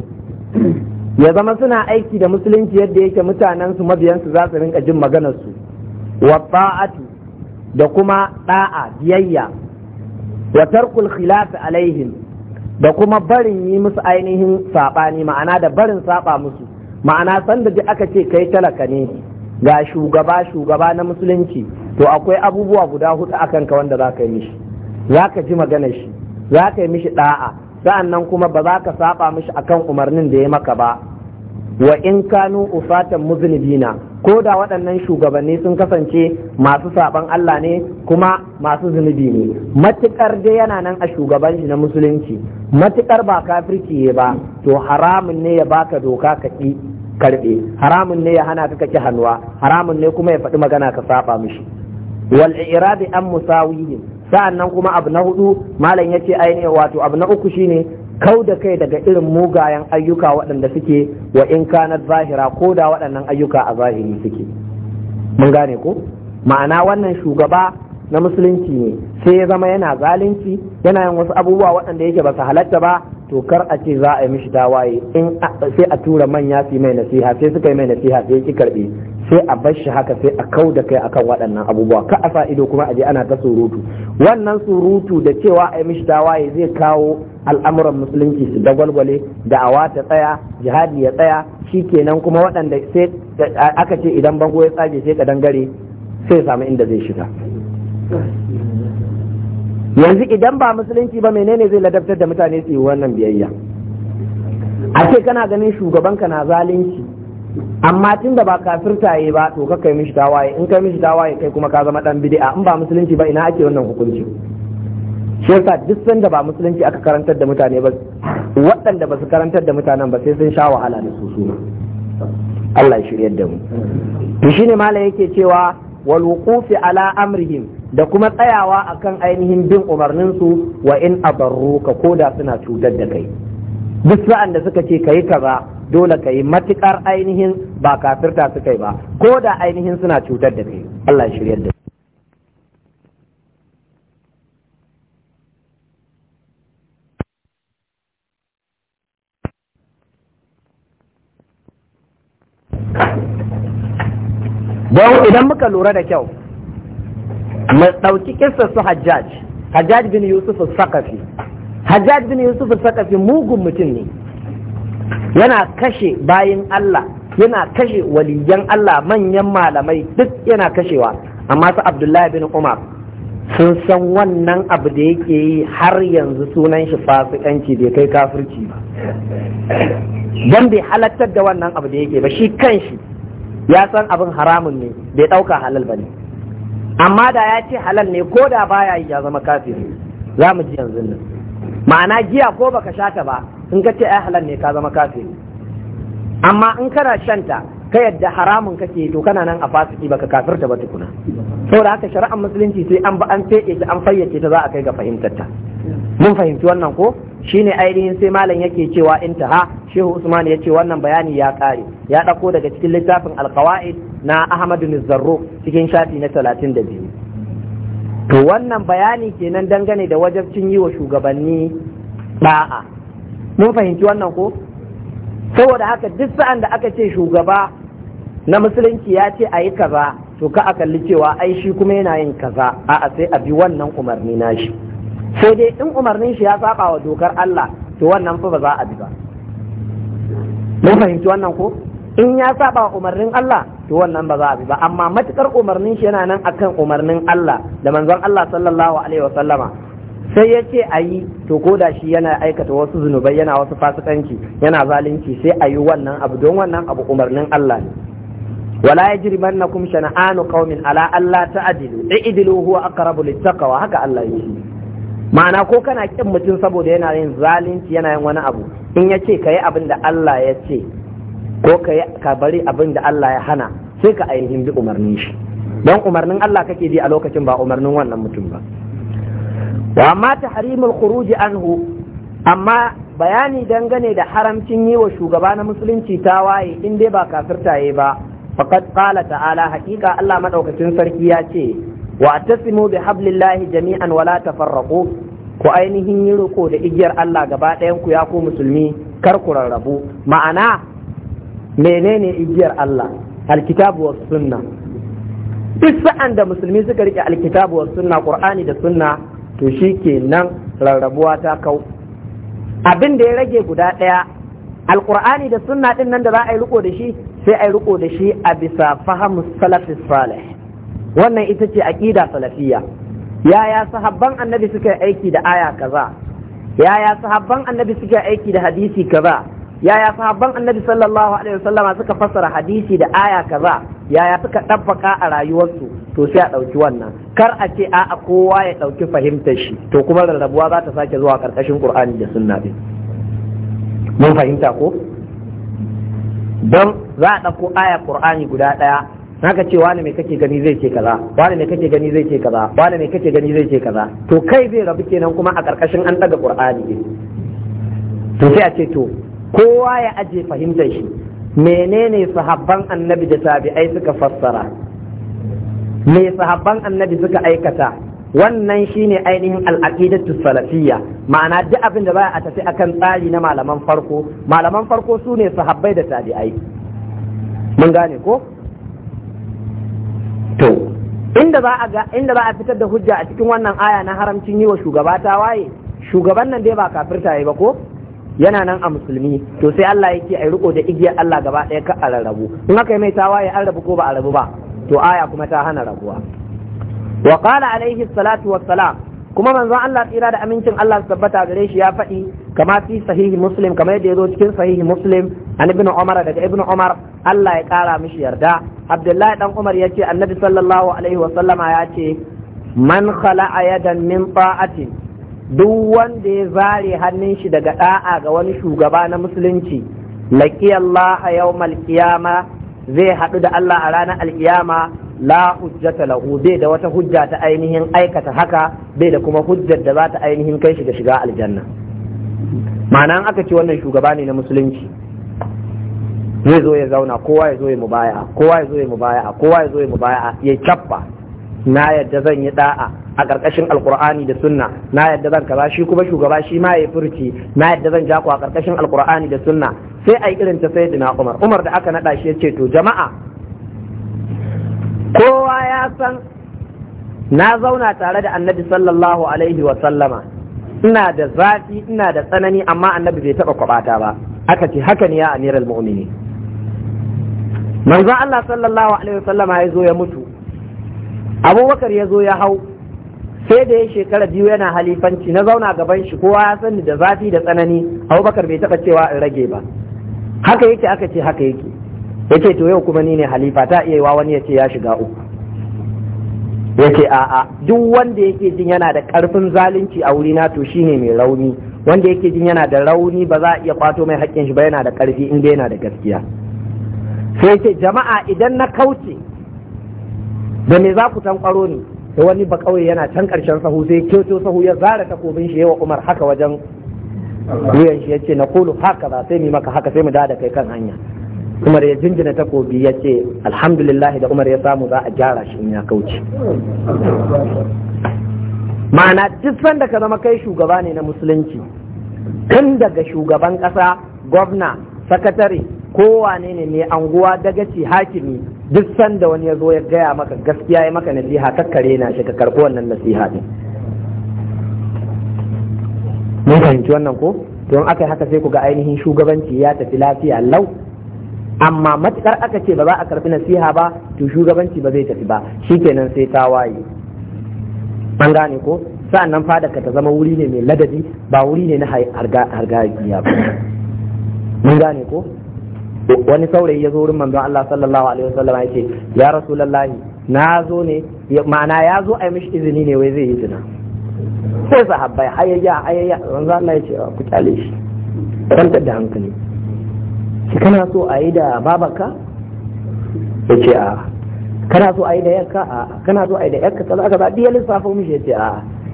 ya zama suna aiki da musulunci yadda yake mutanensu mabiyansu za su rinka jin maganarsu wa ba'atu da kuma ɗa'a, biyayya wa tarkul khilafi alaihim da kuma barin yi musu ainihin saɓani ma'ana da barin saɓa musu ma'ana sanda da aka ce kai talaka ne ga shugaba shugaba na musulunci to akwai abubuwa guda hudu akan ka wanda za ka yi mishi za ka ji magana shi za ka yi mishi da'a sa'annan kuma ba za ka saɓa mishi akan umarnin da ya maka ba wa in kanu ufatan muzunubina ko da waɗannan shugabanni sun kasance masu saɓan Allah ne kuma masu zunubi ne matuƙar dai yana nan a shugaban shi na musulunci matuƙar ba kafirci ba to haramun ne ya baka doka ka ƙi karɓe haramun ne ya hana ka ki hannuwa haramun ne kuma ya faɗi magana ka saba mishi wal iradi an musawiyin sa'annan kuma abu na hudu malam yace ainihin wato abu na uku shine kau da kai daga irin mugayen ayyuka waɗanda suke wa in kanat zahira ko da waɗannan ayyuka a zahiri suke mun gane ko ma'ana wannan shugaba na musulunci ne sai ya zama yana zalunci yana yin wasu abubuwa waɗanda yake ba su halatta ba to kar a ce za a yi mishi tawaye in sai a tura manya su mai nasiha sai suka yi mai nasiha sai ki karbe sai a bar shi haka sai a kau da kai akan waɗannan abubuwa ka a ido kuma a je ana ta surutu wannan surutu da cewa a yi mishi tawaye zai kawo al'amuran musulunci su dagwalgwale awa ta tsaya jihadi ya tsaya shi kenan kuma waɗanda sai aka ce idan bango ya tsage sai ka dangare sai ya samu inda zai shiga yanzu idan ba musulunci ba menene zai ladabtar da mutane su yi wannan biyayya a ce kana ganin shugabanka na zalunci amma tun da ba kafirta yi ba to kai mishi tawaye in kai mishi tawaye kai kuma ka zama dan bid'a in ba musulunci ba ina ake wannan hukunci shi yasa duk sanda ba musulunci aka karantar da mutane ba waɗanda ba su karantar da mutanen ba sai sun sha wahala da su su Allah ya shiryar da mu to shine malai yake cewa wal wuqufi ala amrihim da kuma tsayawa akan ainihin bin umarninsu wa in abarruka ko da suna cutar da kai duk sa'an da suka ce kayi kaza dole kayi matukar ainihin ba kafirta su kai ba ko da ainihin suna cutar da kai Allah ya shiryar da don idan muka lura da kyau mu ɗauki kissar su hajjaj hajjaj bin yusuf sakafi hajjaj bin yusuf sakafi mugun mutum ne yana kashe bayan allah yana kashe waliyan allah manyan malamai duk yana kashewa amma su abdullahi bin umar sun san wannan abu da yake yi har yanzu sunan shi fasikanci bai kai kafirci ba don bai halattar da wannan abu da yake ba shi kanshi ya san abin haramun ne bai ɗauka halal ba ne amma da ya ce halal ne ko da baya yi ya zama kafiri za mu ji yanzu nan ma'ana giya ko baka sha ta ba in ka ce ai halal ne ka zama kafiri amma in kana shanta ka yadda haramun kake to kana nan a fasiki baka kafirta ba tukuna saboda haka shari'ar musulunci sai an ba an fede ta an fayyace ta za a kai ga fahimtar ta mun fahimci wannan ko Shi ne ainihin sai malam yake cewa intaha shehu usman ya ce wannan bayani ya kare ya ɗauko daga cikin littafin alqawaid na ahmadu Nizarro cikin shafi na talatin da biyu to wannan bayani kenan dangane da wajabcin yi wa shugabanni ɗa'a mun fahimci wannan ko saboda haka duk sa'an da aka ce shugaba na musulunci ya ce a yi kaza to ka a kalli cewa ai shi kuma yana yin kaza a'a sai a bi wannan umarni na sai dai in umarnin shi ya saba wa dokar Allah to wannan fa ba za a bi ba mun fahimci wannan ko in ya saba umarnin Allah to wannan ba za a bi ba amma matukar umarnin shi yana nan akan umarnin Allah da manzon Allah sallallahu alaihi wa sallama sai ya ce a yi to ko da shi yana aikata wasu zunubai yana wasu fasikanci yana zalunci sai a yi wannan abu don wannan abu umarnin Allah ne wala yajrimannakum shana'anu qaumin ala alla ta'dilu i'dilu huwa aqrabu littaqwa haka Allah yake ma'ana ko kana kin mutum saboda yana yin zalunci yana yin wani abu in ya ce ka abin da Allah ya ce ko ka bari abin da Allah ya hana sai ka ainihin bi umarnin shi don umarnin Allah kake bi a lokacin ba umarnin wannan mutum ba wa amma tahrimul khuruji anhu amma bayani dangane da haramcin yi wa shugaba na musulunci waye in dai ba kafirtaye ba faqad qala ta'ala haqiqa Allah madaukakin sarki ya ce wa tasimu bi hablillahi jami'an wala tafarraqu ku ainihin yi riko da igiyar Allah gaba ɗayan ku ya ku musulmi kar ku rarrabu ma'ana menene igiyar Allah alkitabu was sunna duk sa'an da musulmi suka rike alkitabu was sunna qur'ani da sunna to shikenan rarrabuwa ta kau abin da ya rage guda ɗaya alqur'ani da sunna din nan da za a yi riko da shi sai a yi riko da shi a bisa fahimu salafi salih wannan ita ce aqida salafiya. yaya sahabban annabi suka aiki da aya kaza yaya sahabban annabi suka aiki da hadisi kaza yaya sahabban annabi sallallahu alaihi wasallama suka fassara hadisi da aya kaza yaya suka ɗabbaka a rayuwarsu to sai a ɗauki wannan kar a ce a kowa ya ɗauki fahimtar shi to kuma rarrabuwa za ta sake zuwa ƙarƙashin ƙur'ani da sunna din mun fahimta ko don za a ɗauko aya ƙur'ani guda ɗaya naka ce wani mai kake gani zai ce kaza wani mai kake gani zai ce kaza wani mai kake gani zai ce kaza to kai zai rabu kenan kuma a ƙarƙashin an ɗaga ƙur'ani to sai a ce to kowa ya aje fahimtar shi menene sahabban annabi da tabi'ai suka fassara me sahabban annabi suka aikata wannan shine ainihin al'aqidatu salafiyya ma'ana duk abin da baya a tafi akan tsari na malaman farko malaman farko su ne sahabbai da tabi'ai mun gane ko to inda za a ga inda za a fitar da hujja a cikin wannan aya na haramcin yi wa shugaba ta waye shugaban nan dai ba kafirta yayi ba ko yana nan a musulmi to sai Allah yake ai riko da igiyar Allah gaba ɗaya ka a rarrabu in aka yi mai tawa ya rabu ko ba a rabu ba to aya kuma ta hana rabuwa wa qala alaihi salatu wassalam kuma manzon Allah tsira da amincin Allah tabbata gare shi ya faɗi kama fi sahihi muslim kama yadda ya zo cikin sahihi muslim an ibn umar daga ibn umar Allah ya kara mishi yarda abdullahi dan umar yace annabi sallallahu alaihi wa sallama ya ce man khala'a yadan min ta'atin duk wanda ya zare hannun shi daga da'a ga wani shugaba na musulunci a yau qiyama zai haɗu da Allah a ranar alkiyama la hujjata lahu bai da wata hujja ta ainihin aikata haka bai da kuma hujjar da za ta ainihin kai shi da shiga aljanna ma'ana aka ce wannan shugaba ne na musulunci zai zo ya zauna kowa ya zo ya mubaya, kowa ya zo ya mubaya, kowa ya zo ya mubaya ya cappa na yadda zan yi da'a a ƙarƙashin alƙur'ani da sunna na yadda zan kaza shi kuma shugaba shi ma ya furci na yadda zan jako a ƙarƙashin alƙur'ani da sunna sai a yi irin ta sayyidina umar umar da aka naɗa shi ya ce to jama'a kowa ya san na zauna tare da annabi sallallahu alaihi wa sallama ina da zafi ina da tsanani amma annabi bai taɓa kwaɓata ba aka ce haka ne ya amiral mu'mini manzo Allah sallallahu alaihi wa sallama ya zo ya mutu abubakar ya zo ya hau sai da ya shekara biyu yana halifanci na zauna gaban shi kowa ya sani da zafi da tsanani abubakar bai taɓa cewa in rage ba haka yake aka ce haka yake ce to yau kuma ni ne halifa ta iya yiwa wani ya ce ya shiga uku Ya yace a'a duk wanda yake jin yana da karfin zalunci a wuri na to shine mai rauni wanda yake jin yana da rauni ba za a iya kwato mai haƙƙin shi ba yana da ƙarfi in dai yana da gaskiya sai ce jama'a idan na kauce da me za ku tankwaro ni da wani ba kawai yana can karshen sahu sai kyoto sahu ya zara takobin shi yawa umar haka wajen wuyan shi na Kulu haka ba sai mu maka haka sai mu da kai kan hanya umar ya jinjina takobi ya ce alhamdulillah da umar ya samu za a gyara shi in ya kauce ma'ana duk sanda ka zama kai shugaba ne na musulunci tun daga shugaban kasa gwamna sakatare kowane ne mai anguwa dagaci hakimi duk sanda wani ya zo ya gaya maka gaskiya ya maka nasiha kakkare na shi ka karɓi wannan nasiha ne. mun fahimci wannan ko don aka yi haka sai ku ga ainihin shugabanci ya tafi lafiya lau amma matukar aka ce ba za a karɓi nasiha ba to shugabanci ba zai tafi ba shikenan sai ta waye an gane ko nan fada ka ta zama wuri ne mai ladabi ba wuri ne na hargajiya ba mun gane ko wani saurayi ya zo wurin manzon Allah sallallahu alaihi wasallam ya ce ya rasulullahi na zo ne ma'ana ya zo a yi mishi izini ne wai zai yi zina sai sahabbai ayayya ayayya manzon Allah ya ce ah, ku kyale shi kwantar da hankali shi kana so a yi da babaka ya ce a ah, kana so a yi da yakka a ah, kana so a yi da yakka sai aka ba diya lissafin mishi ya ce a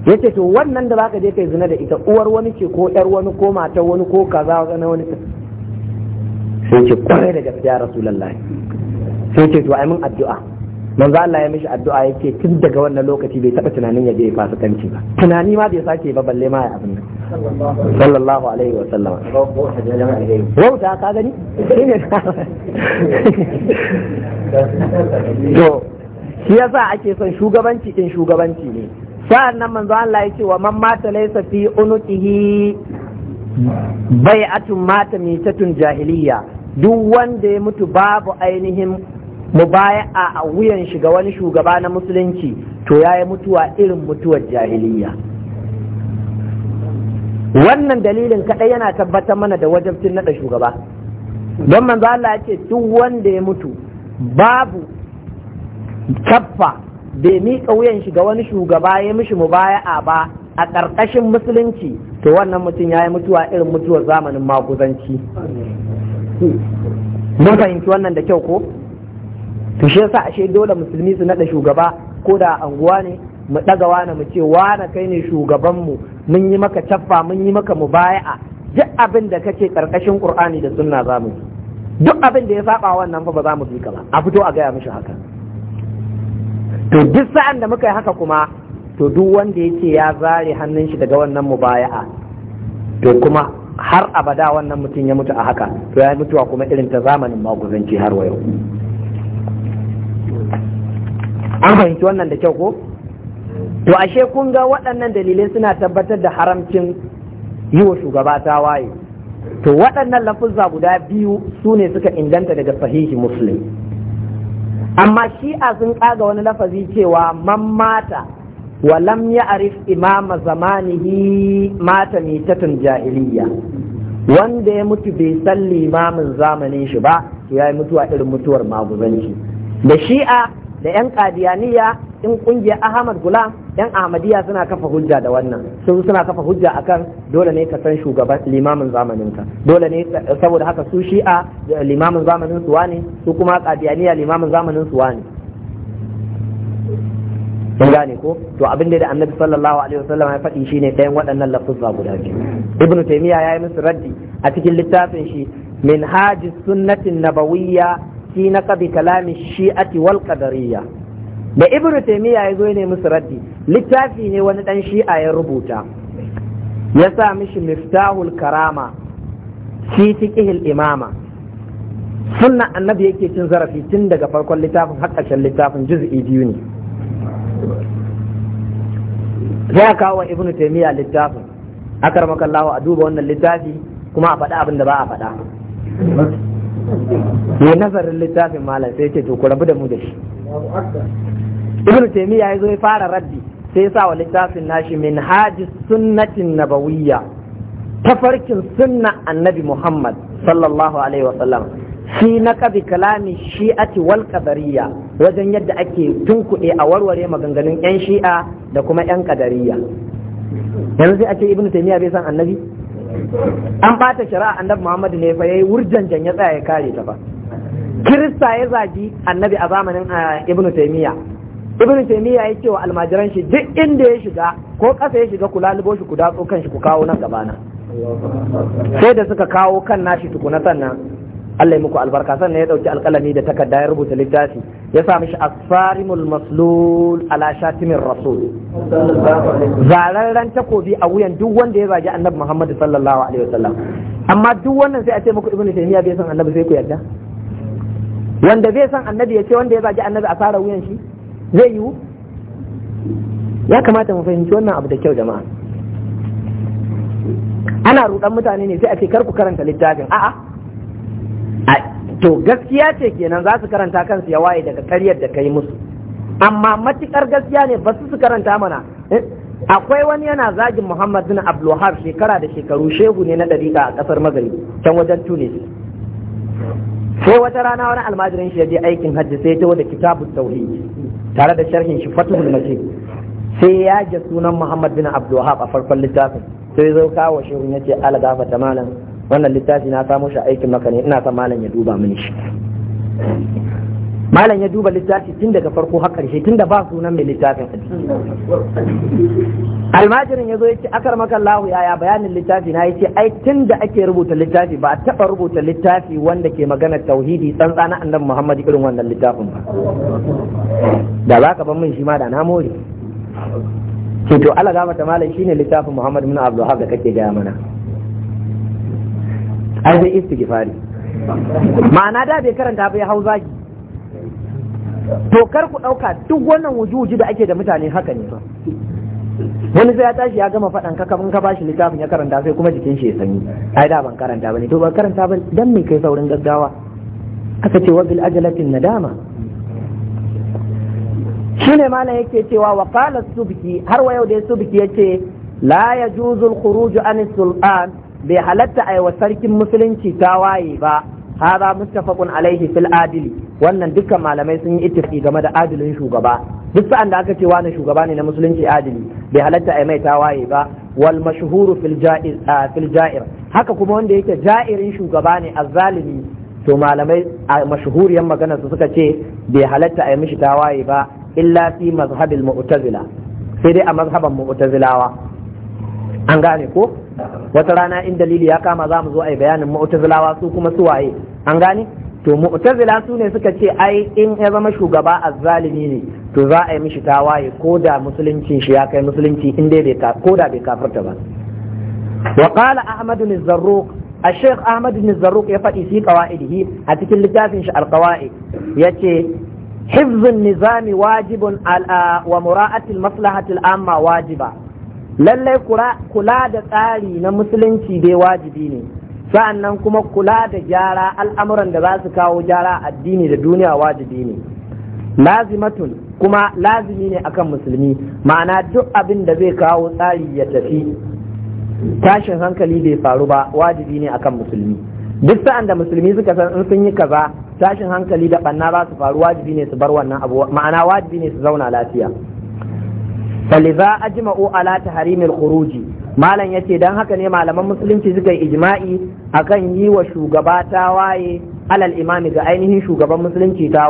ya ce to wannan da baka je kai zina da ita uwar wani ce ko yar wani ko matar wani ko kaza wani wani sai ce kwarai da gaskiya rasulullahi sai ce to ai mun addu'a manzo Allah ya mishi addu'a yake tun daga wannan lokaci bai taba tunanin ya je fasikanci ba tunani ma bai sake ba balle ma ya abin nan sallallahu alaihi wa sallama wauta ka gani shine to shi yasa ake son shugabanci din shugabanci ne sa'an nan manzo Allah ya ce wa man mata laysa fi unqihi Bai bai'atun mata mitatun jahiliya duk wanda ya mutu babu ainihin mubaya'a a wuyan shi ga wani shugaba na musulunci to ya yi mutuwa irin mutuwar jahiliya wannan dalilin kaɗai yana tabbatar mana da wajabcin naɗa shugaba don manzo Allah ya ce duk wanda ya mutu babu kaffa bai miƙa wuyan shiga ga wani shugaba ya mishi mubaya'a ba a ƙarƙashin musulunci to wannan mutum ya yi mutuwa irin mutuwar zamanin maguzanci mun fahimci wannan da kyau ko to shi yasa ashe dole musulmi su naɗa shugaba ko da anguwa ne mu ɗaga wani mu ce wani kai ne shugabanmu mun yi maka caffa mun yi maka mu baya'a. duk abin da kace ƙarƙashin ƙur'ani da sunna za mu duk abin da ya saba wannan fa ba za mu bi ka ba a fito a gaya mishi haka to duk sa'an da muka yi haka kuma to duk wanda ya ce ya zare hannun shi daga wannan mubaya'a to kuma har abada wannan mutum ya mutu a haka to ya mutuwa kuma irin ta zamanin maguzanci har wa yau an fahimci wannan da kyau ko to ashe kun ga waɗannan dalilai suna tabbatar da haramcin yi wa shugaba waye, to waɗannan lafuzza guda biyu su ne suka inganta daga sahihi muslim amma shi'a sun ƙaga wani lafazi cewa man wa lam ya'rif imama zamanihi mata mitatun jahiliya wanda ya mutu bai san limamin zamanin shi ba to yayi mutuwa irin mutuwar maguzanci da shi'a da yan qadiyaniya in kungiyar ahmad gulam yan ahmadiyya suna kafa hujja da wannan sun suna kafa hujja akan dole ne ka san shugaban limamin zamanin ka dole ne saboda haka su shi'a limamin zamanin su wane su kuma qadiyaniya limamin zamanin su wane kun gane ko to abin da annabi sallallahu alaihi wasallam ya faɗi shine ɗayan waɗannan lafuzza guda biyu ibn taymiya yayi musu raddi a cikin littafin shi min haji sunnatin nabawiyya fi naqdi kalami shi'ati wal qadariyya da ibn taymiya ya zo ne musu raddi littafi ne wani dan shi'a ya rubuta ya sa mishi miftahul karama fi fiqhil imama sunna annabi yake cin zarafi tun daga farkon littafin har littafin juz'i biyu ne ya kawo wa ibnu taymiya littafin akramaka Allah a duba wannan littafi kuma a faɗa abin da ba a faɗa ne nazarin littafin malam sai ce to ku rabu da mu da shi ibnu taymiya ya zo ya fara raddi sai ya sa wa littafin nashi min haji sunnatin nabawiyya farkin sunna annabi Muhammad sallallahu alaihi wasallam Shi na kabi kalami shi'ati wal qadariya wajen yadda ake tunkuɗe a warware maganganun yan shi'a da kuma yan ƙadariya. yanzu sai a ce ibnu taimiyya bai san annabi an bata shari'a annabi muhammad ne fa yayi wurjanjan ya tsaya ya kare ta fa kirista ya zagi annabi a zamanin ibnu taimiyya. Ibnu taimiyya ya ce wa almajiran shi duk inda ya shiga ko ƙasa ya shiga kula libo shi ku datso kan shi ku kawo nan gabana sai da suka kawo kan nashi tukuna sannan Allah ya muku albarka sannan ya dauki alkalami da takarda ya rubuta littafi ya sa mishi asarimul maslul ala shatimin rasul zararren takobi a wuyan duk wanda ya zagi annabi Muhammad sallallahu alaihi wasallam amma duk wannan sai a ce muku ibnu taymiya bai san annabi sai ku yarda wanda bai san annabi ya ce wanda ya zagi annabi a fara wuyan shi zai yiwu ya kamata mu fahimci wannan abu da kyau jama'a ana rudan mutane ne sai a ce kar ku karanta littafin a'a to gaskiya ce kenan za su karanta kansu ya waye daga karyar da kai musu amma matukar gaskiya ne ba su karanta mana eh, akwai wani yana zagin muhammad bin abdulwahab shekara da shekaru shehu ne na dariƙa a ƙasar magari can wajen tunis sai wata rana wani almajirin shi ya je aikin hajji sai ta tawo kitabun tauhid tare da sharhin shi fatuhul mace. sai ya ga sunan muhammad bin abdulwahab a farkon littafin sai zo kawo shehu ya ce ala gafa malam wannan littafi na samu shi aikin maka ne ina son malam ya duba mini shi malam ya duba littafi tun daga farko har ƙarshe tun da ba sunan mai littafin a almajirin ya zo ya ce akar maka lahu yaya bayanin littafi na ya ce ai tun da ake rubuta littafi ba a taɓa rubuta littafi wanda ke magana tauhidi tsantsa na annabi muhammad irin wannan littafin ba da za ka ban min shi ma da na more ce to ala gama ta malam shine littafin muhammad bin abdul da kake gaya mana ai sai istighfari ma'ana da bai karanta bai hau zaki. to kar ku dauka duk wannan wujuji da ake da mutane haka ne fa wani sai ya tashi ya gama faɗan ka in ka bashi littafin ya karanta sai kuma jikin shi ya sanyi ai da ban karanta bane to ban karanta ba dan me kai saurin gaggawa aka ce wabil ajalatin nadama shine malam yake cewa wa qala subki har wa yau dai subki yace la yajuzul khuruju anis sultan bai halatta a wa sarkin musulunci tawaye ba hada muttafaqun alaihi fil adili wannan dukkan malamai sun yi ittifaqi game da adilin shugaba duk sa'an da aka ce wani shugaba ne na musulunci adili bai halatta a mai waye ba wal mashhuru fil ja'ir fil ja'ir haka kuma wanda yake ja'irin shugaba ne azzalimi to malamai a mashhuriyan maganar su suka ce bai halatta a mishi waye ba illa fi mazhabil mu'tazila sai dai a mazhaban mu'tazilawa an gane ko wata rana in dalili ya kama za mu zo a yi bayanin mu'tazilawa su kuma su waye an gani? to mu'tazila su ne suka ce ai in ya zama shugaba azzalimi ne to za a yi mishi tawaye ko da musulunci shi ya kai musulunci in dai bai ko da bai kafirta ba wa qala ahmad bin zarruq الشيخ أحمد بن الزروق يفتي في قواعده أتكل لجافن nizami يتي حفظ النظام واجب ومراءة المصلحة العامة واجبة lallai kula da tsari na musulunci dai wajibi ne sa'an nan kuma kula da gyara al'amuran da za su kawo gyara addini da duniya wajibi ne lazimatun kuma lazimi ne akan musulmi ma'ana duk abin da zai kawo tsari ya tafi tashin hankali bai faru ba wajibi ne akan musulmi duk sa'an da musulmi suka san in sun yi kaza tashin hankali da ɓanna ba su faru wajibi ne su bar wannan abu ma'ana wajibi ne su zauna lafiya faliza ajma'u ala tahrimil khuruji malam yace dan haka ne malaman musulunci suka yi ijma'i akan yi wa shugaba waye? alal imami ga ainihin shugaban musulunci ta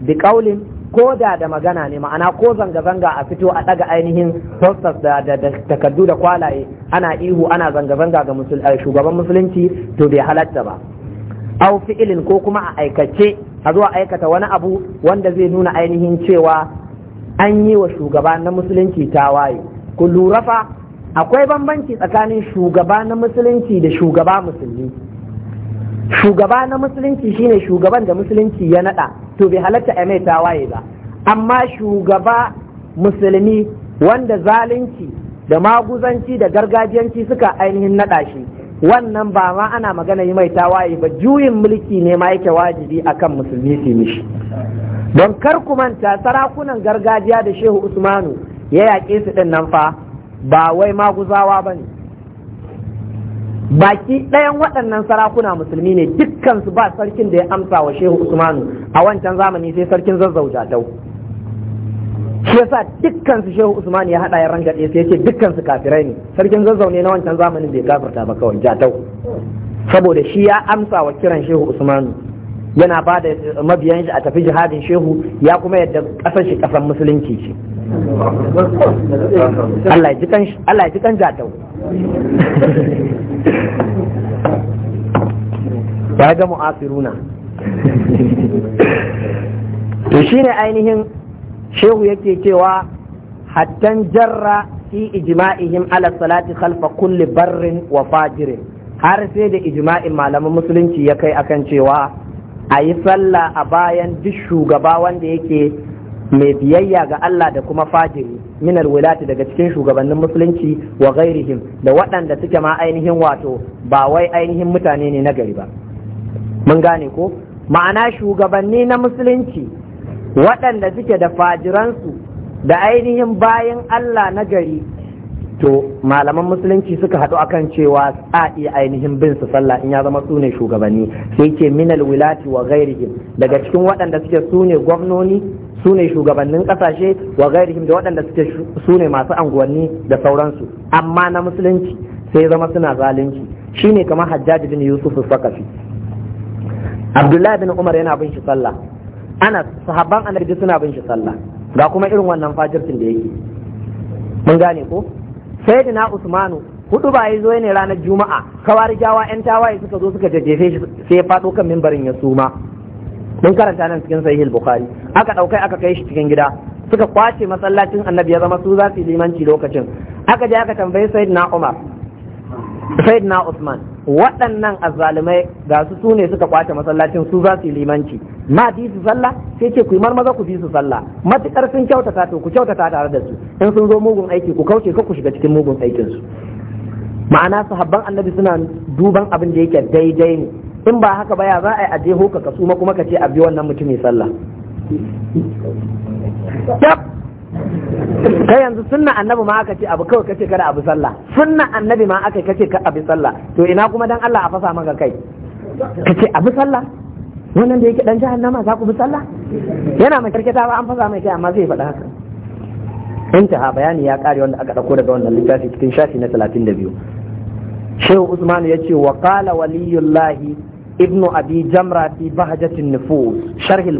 bi qaulin ko da da magana ne ma'ana ko zanga-zanga a fito a daga ainihin posters da takaddu da kwalaye ana ihu ana zanga-zanga ga shugaban musulunci to bai halatta ba au fi'ilin ko kuma a aikace a zuwa aikata wani abu wanda zai nuna ainihin cewa an yi wa shugaba na musulunci tawaye ku lura fa akwai bambanci tsakanin shugaba na musulunci da shugaba musulmi shugaba na musulunci shine shugaban da musulunci ya nada to bai halatta a mai tawaye ba amma shugaba musulmi wanda zalunci da maguzanci da gargajiyanci suka ainihin nada shi wannan ba ma ana magana yi mai tawaye ba juyin mulki ne ma yake wajibi akan musulmi su mishi don kar ku manta sarakunan gargajiya da shehu usmanu ya yaƙe su ɗin nan fa ba wai maguzawa ba ne baki ɗayan waɗannan sarakuna musulmi ne dukkansu ba sarkin da ya amsa wa shehu usmanu a wancan zamani sai sarkin zazzau jatau shi yasa dukkansu shehu usmanu ya haɗa ya rangaɗe sai yake dukkansu kafirai ne sarkin zazzau ne na wancan zamanin bai gafarta ba kawai jatau saboda shi ya amsa wa kiran shehu usmanu yana ba da mabiyan shi a tafi jihadin shehu ya kuma yadda kasar shi kasar musulunci ce Allah ya ji kan jadau ya ga mu'asiruna to shine ainihin shehu yake cewa hattan jarra fi ijma'ihim ala salati khalfa kulli barrin wa fajirin har sai da ijma'in malaman musulunci ya kai akan cewa a yi sallah a bayan duk shugaba wanda yake mai biyayya ga Allah da kuma fajiri minar wulati daga cikin shugabannin musulunci wa gairihim da waɗanda suke ma ainihin wato ba wai ainihin mutane ne na gari ba mun gane ko ma'ana shugabanni na musulunci waɗanda suke da fajiransu da ainihin bayan Allah na gari to malaman musulunci suka haɗu akan cewa a iya ainihin bin su sallah in ya zama su ne shugabanni sai ce minal wilati wa ghairihim daga cikin waɗanda suke su gwamnoni su ne shugabannin kasashe wa gairihim da waɗanda suke su masu anguwanni da sauransu amma na musulunci sai zama suna zalunci shine kamar hajjaji bin yusuf sakafi abdullahi bin umar yana bin shi sallah ana sahabban annabi suna bin shi sallah ga kuma irin wannan fajirtin da yake mun gane ko na usmanu hudu ba ya zo ne ranar juma'a Kawari Jawa, yan tawaye suka zo suka jajjefe shi sai ya faɗo kan mimbarin ya suma mun karanta nan cikin sahih bukhari aka ɗaukai aka kai shi cikin gida suka kwace masallacin annabi ya zama su zasu su limanci lokacin aka je aka tambayi sayyidina umar saidina Usman waɗannan azzalumai ga su su suka kwace masallacin su za su yi limanci ma bi su sallah sai ce ku yi marmaza ku bi su sallah matukar sun kyautata to ku kyautata tare da su in sun zo mugun aiki ku kauce ka ku shiga cikin mugun aikin su ma'ana sahabban annabi suna duban abin da yake daidai ne in ba haka ba ya za a yi aje hoka ka suma kuma ka ce a bi wannan mutumin sallah kai yanzu sunna annabi ma aka ce abu kawai kace kada abu sallah sunna annabi ma aka kace ka abu sallah to ina kuma dan Allah a fasa maka kai kace abu sallah wannan da yake dan jahannama za ku bi sallah yana mai karkata ba an fasa mai kai amma zai faɗa haka ha bayani ya kare wanda aka dauko daga wannan littafi cikin shafi na 32 shehu usman ya ce wa qala waliyullahi ibnu abi jamra fi bahjatin nufus sharh al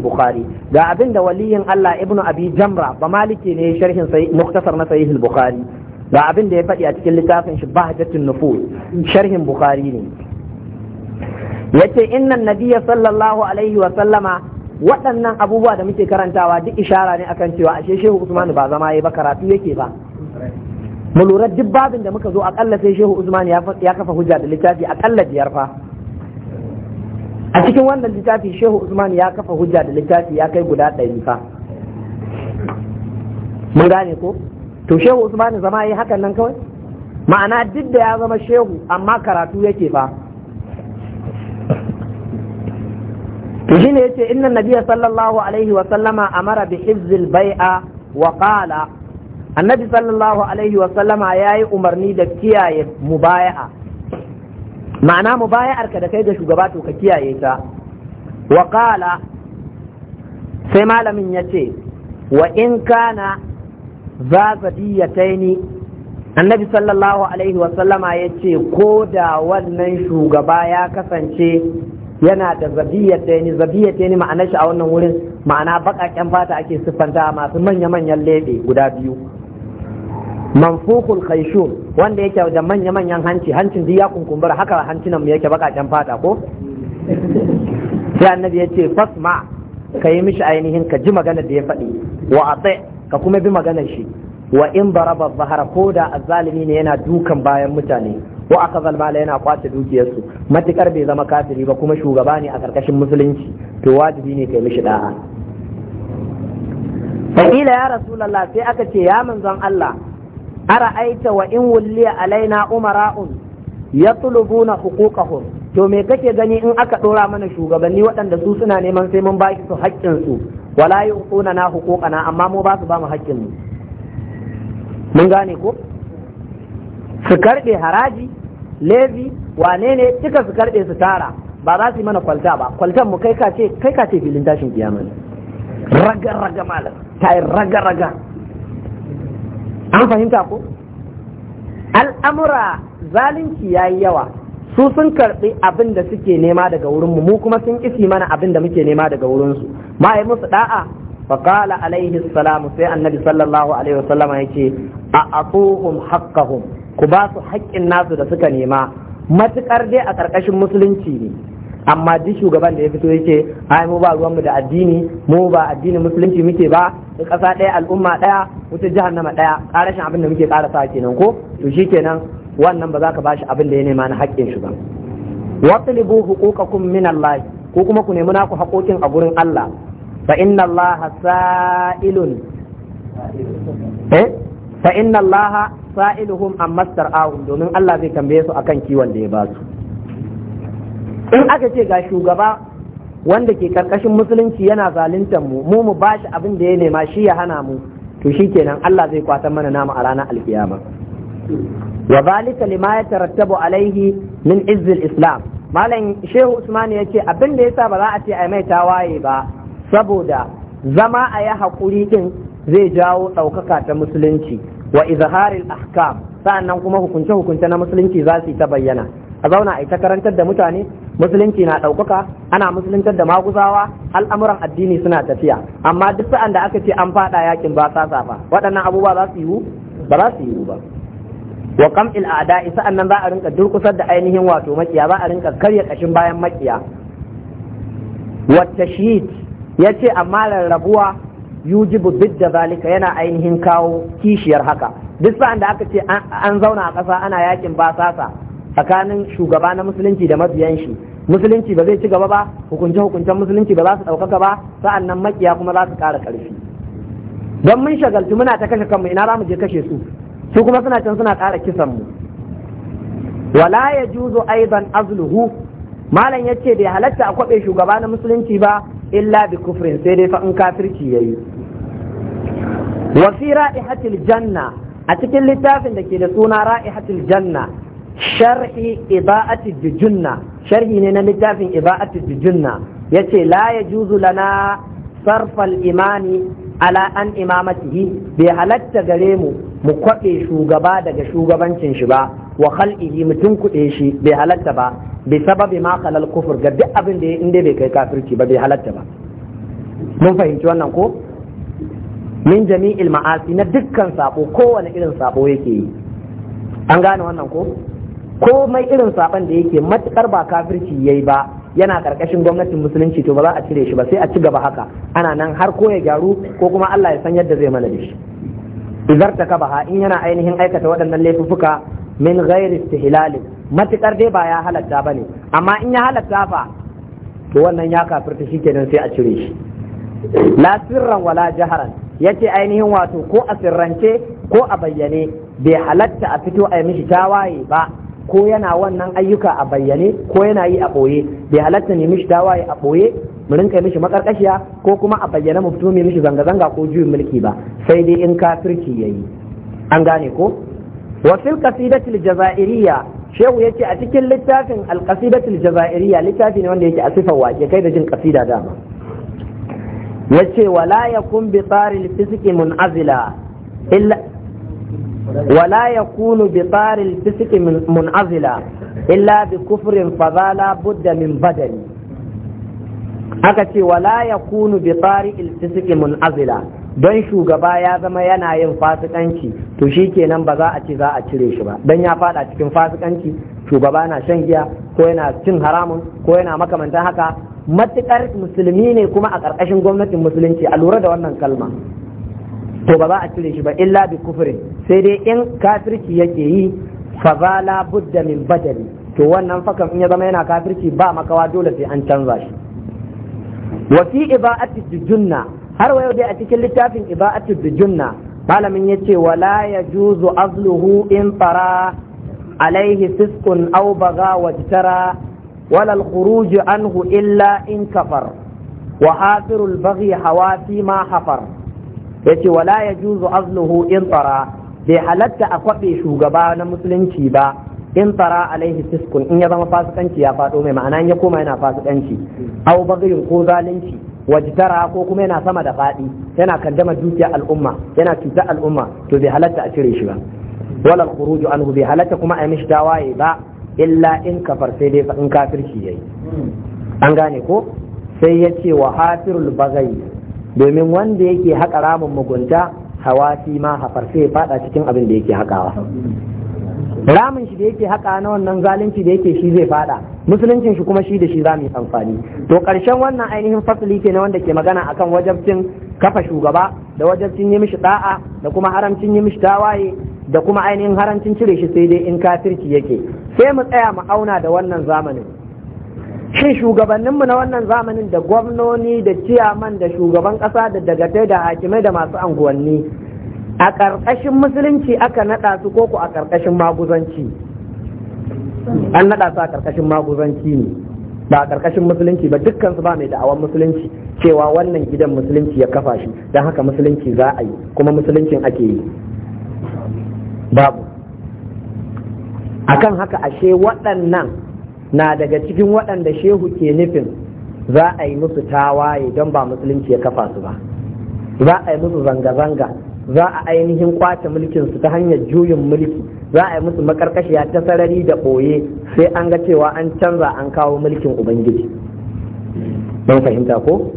ga abinda waliyin Allah ibnu abi jamra ba maliki ne sharhin na sahih al-bukhari ga abin ya faɗi a cikin littafin shi bahjatun nufus sharhin bukhari ne yace innan nabiyya sallallahu alaihi wa sallama waɗannan abubuwa da muke karantawa duk ishara ne akan cewa ashe shehu usman ba zama yayi ba karatu yake ba mu lura duk babin da muka zo akalla sai shehu usman ya kafa hujja da littafi akalla biyar fa a cikin wannan littafi shehu usman ya kafa hujja da littafi ya kai guda ɗari fa mun gane ko to shehu usman zama yi hakan nan kawai ma'ana duk da ya zama shehu amma karatu yake fa to shine yace inna nabiyya sallallahu alaihi wa sallama amara bi hizzil bai'a wa qala annabi sallallahu alaihi wa sallama yayi umarni da kiyaye mubaya'a ma'ana mu baya arka da kai ga shugaba to ka kiyaye ta wa qala sai malamin ya ce wa in kana za taini? annabi sallallahu alaihi wasallama ya ce ko da wannan shugaba ya kasance yana da zabiyataini taini ma'anar shi a wannan wurin ma'ana baƙaƙen fata ake siffanta masu manya-manyan leɓe guda biyu manfukul khayshum wanda yake da manya manyan hanci hancin duk ya kunkumbura haka hancinan mu yake baka can fata ko sai annabi ya ce fasma ka yi mishi ainihin ka ji maganar da ya faɗi wa atsi ka kuma bi maganar shi wa in baraba bahara ko da azzalimi ne yana dukan bayan mutane ko aka zalmala yana kwace dukiyarsu matukar bai zama kafiri ba kuma shugaba ne a karkashin musulunci to wajibi ne yi mishi da'a fa ila ya rasulullah sai aka ce ya manzon Allah ara'aita wa in wulliya alaina umara'un yatlubuna huquqahum to me kake gani in aka dora mana shugabanni waɗanda su suna neman sai mun baki su haƙƙin su wala yuquna na huquqana amma mu ba su ba mu haƙƙin mu mun gane ko su karbe haraji levi wane ne kika su karbe su tara ba za su yi mana kwalta ba kwaltan mu kai kace kai ce filin tashin kiyama ne raga raga malam tayi raga raga an fahimta ko al'amura zalunci ya yi yawa su sun karɓi abin da suke nema daga wurinmu mu kuma sun isi mana abin da muke nema daga wurinsu ma yi musu da'a faƙala alaihi salamu sai annabi sallallahu alaihi wasallam ya ce a atuhum haqqahum ku ba su haƙƙin nasu da suka nema matuƙar dai a ƙarƙashin musulunci ne amma duk shugaban da ya fito yake ai mu ba ruwanmu da addini mu ba addinin musulunci muke ba kasa ƙasa ɗaya al'umma ɗaya wuta jahannama ɗaya ƙarashin abin da muke ƙarasa kenan ko to shi kenan wannan ba za ka bashi abin da ya nema na haƙƙin shi ba watlibu huquqakum min Allah ko kuma ku nemi naku haƙoƙin a gurin Allah fa inna Allah sa'ilun eh fa inna Allah sa'iluhum amma domin Allah zai tambaye su akan kiwon da ya ba su in aka ce ga shugaba wanda ke karkashin musulunci yana zaluntar mu mu mu shi abin da ya nema shi ya hana mu to shi kenan Allah zai kwata mana namu a ranar alkiyama wa zalika lima yatarattabu alaihi min izzil islam malam shehu usman ya ce, abin da yasa ba za a ce ai mai tawaye ba saboda zama a yi hakuri din zai jawo ɗaukaka ta musulunci wa izharil ahkam sa'annan kuma hukunce hukunce na musulunci za su ta bayyana a zauna a ita karantar da mutane musulunci na ɗaukaka ana musuluntar da maguzawa al'amuran addini suna tafiya amma duk sa'an da aka ce an faɗa yakin ba sa ba waɗannan abubuwa za su yiwu ba za su yiwu ba wa kam il a'da sa'an nan za a rinka durkusar da ainihin wato makiya za a rinka karya kashin bayan makiya wa tashhid yace amma rarrabuwa yujibu da zalika yana ainihin kawo kishiyar haka duk sa'an da aka ce an zauna a ƙasa ana yakin basasa tsakanin shugaba na musulunci da mabiyan shi musulunci ba zai ci gaba ba hukunce hukuncen musulunci ba za su ɗaukaka ba sa'an nan makiya kuma za su ƙara ƙarfi don mun shagaltu muna ta kashe kanmu ina za mu je kashe su su kuma suna can suna ƙara kisan mu wala ya juzo aiban azluhu malam yace bai halatta a kwaɓe shugaba na musulunci ba illa bi kufrin sai dai fa in kafirci yayi wa fi ra'ihatil janna a cikin littafin da ke da suna ra'ihatil janna sharhi iba'ati junna sharhi ne na littafin iba'atu ya yace la ya juzu lana sarfal imani ala an imamatihi bai halatta gare mu mu kwaɓe shugaba daga shugabancin shi ba wa khal'ihi mutum kuɗe shi bai halatta ba bai sababi ma khalal kufur ga duk abin da inda bai kai kafirci ba bai halatta ba mun fahimci wannan ko min jami'il ma'asi na dukkan sabo kowane irin sabo yake yi an gane wannan ko komai irin saban da yake matukar ba kafirci yayi ba yana karkashin gwamnatin musulunci to ba za a cire shi ba sai a ci gaba haka ana nan har ko ya gyaru ko kuma Allah ya san yadda zai mana da shi idan ta baha in yana ainihin aikata waɗannan laifuka min ghairi istihlal matukar dai ba ya halatta bane amma in ya halatta fa to wannan ya kafirta shi kenan sai a cire shi la sirran wala jaharan yace ainihin wato ko a sirrance ko a bayyane bai halatta a fito a yi mishi tawaye ba ko yana wannan ayyuka a bayyane ko yana yi a ɓoye bai halatta ne mishi dawaye a ɓoye mu rinka mishi makarkashiya ko kuma a bayyane mu fito mishi zanga-zanga ko juyin mulki ba sai dai in kafirci yayi an gane ko wa fil qasidatil jazairiyya shehu yace a cikin littafin al qasidatil jazairiyya littafi ne wanda yake a sifar wake kai da jin kasida dama yace wala yakun bi taril fisqi munazila illa ولا يكون بطار الفسق منعزلا إلا بكفر فذا لا بد من بدل أكتي ولا يكون بطار الفسق منعزلا don shugaba ya zama yana yin fasikanci to shi kenan ba za a ce za a cire shi ba don ya fada cikin fasikanci shugaba na shan giya ko yana cin haramun ko yana makamantan haka matukar musulmi ne kuma a ƙarƙashin gwamnatin musulunci a lura da wannan kalma to ba za a cire shi ba illa bi kufrin sai dai in kafirci yake yi fa ba la budda min badali to wannan fakan in ya zama yana kafirci ba makawa dole sai an canza shi wa fi iba'ati junna har yau dai a cikin littafin iba'ati junna malamin yace wala yajuzu azluhu in fara alaihi fiskun aw baga wajtara wala anhu illa in kafar wa hasirul baghi hawa ma hafar ce wala ya yajuzu azluhu in tsara. bai halatta a kwabe shugaba na musulunci ba in tsara alaihi fiskun in ya zama fasikanci ya faɗo mai ma'ana ya koma yana fasikanci au baghin ko zalunci Wajitara ko kuma yana sama da faɗi yana kaddama dukiyar al'umma yana cutar al'umma to bai halatta a cire shi ba wala khuruju anhu bai halatta kuma a mishi tawaye ba illa in kafar sai dai in kafirci yayi an gane ko sai ya ce wa hafirul bagai domin wanda yake haƙa ramin mugunta hawa shi ma hafar sai fada cikin abin da yake haƙawa ramin shi da yake haƙa na wannan zalunci da yake shi zai fada musuluncin shi kuma shi da shi za mu yi amfani to ƙarshen wannan ainihin fasali ke na wanda ke magana akan wajabcin kafa shugaba da wajabcin yi mishi da'a da kuma haramcin yi mishi tawaye da kuma ainihin haramcin cire shi sai dai in kafirci yake sai mu tsaya mu auna da wannan zamanin shin shugabanninmu na wannan zamanin da gwamnoni da ciyaman da shugaban ƙasa da dagatai da hakimai da masu anguwanni a ƙarƙashin musulunci aka naɗa su koko a ƙarƙashin maguzanci an naɗa su a ƙarƙashin maguzanci ne ba a ƙarƙashin musulunci ba dukkan su ba mai da'awan musulunci cewa wannan gidan musulunci ya kafa shi don haka musulunci za a yi kuma musuluncin ake yi babu akan haka ashe waɗannan na daga cikin waɗanda shehu ke nufin za a yi musu tawaye don ba musulunci ya kafa su ba za a yi musu zanga-zanga za a ainihin kwace mulkin su ta hanyar juyin mulki za a yi musu makarkashiya ta sarari da ɓoye sai an ga cewa an canza an kawo mulkin ubangiji don fahimta ko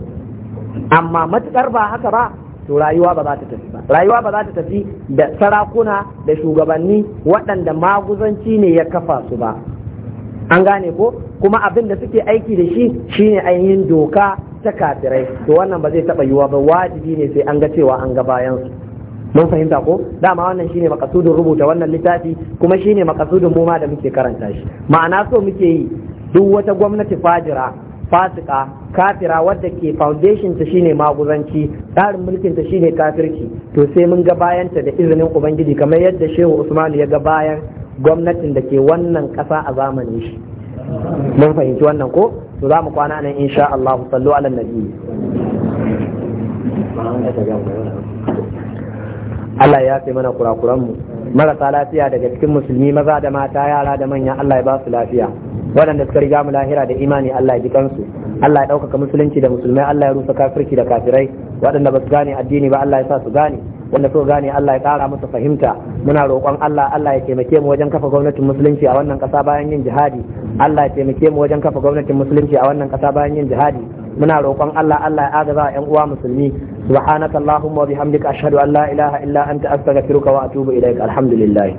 amma matukar ba haka ba to rayuwa ba za ta tafi ba rayuwa ba za ta tafi da sarakuna da shugabanni waɗanda maguzanci ne ya kafa su ba an gane ko kuma abin da suke aiki da shi shine ainihin doka ta kafirai to wannan ba zai taba yiwa ba wajibi ne sai an ga cewa an ga bayan su mun fahimta ko dama wannan shine makasudin rubuta wannan littafi kuma shine makasudin mu ma da muke karanta shi ma'ana so muke yi duk wata gwamnati fajira fasika kafira wadda ke foundation ta shine maguzanci tsarin mulkin ta shine kafirci to sai mun ga bayanta da izinin ubangiji kamar yadda shehu usman ya ga bayan gwamnatin da ke wannan ƙasa a zamanin shi mun fahimci wannan ko to za mu kwana nan insha Allah sallu ala nabi Allah ya fi mana kurakuranmu marasa lafiya daga cikin musulmi maza da mata yara da manya Allah ya ba su lafiya waɗanda suka riga mu lahira da imani Allah ya ji kansu Allah ya ɗaukaka musulunci da musulmai Allah ya rusa kafirci da kafirai waɗanda ba su gane addini ba Allah ya sa su gane wanda so gane Allah ya kara masa fahimta muna roƙon Allah Allah ya taimake mu wajen kafa gwamnatin musulunci a wannan ƙasa bayan yin jihadi Allah ya taimake mu wajen kafa gwamnatin musulunci a wannan ƙasa bayan yin jihadi muna roƙon Allah Allah ya agaza ƴan uwa musulmi subhanaka allahumma wa bihamdika ashhadu an la ilaha illa anta astaghfiruka wa atubu ilaik alhamdulillah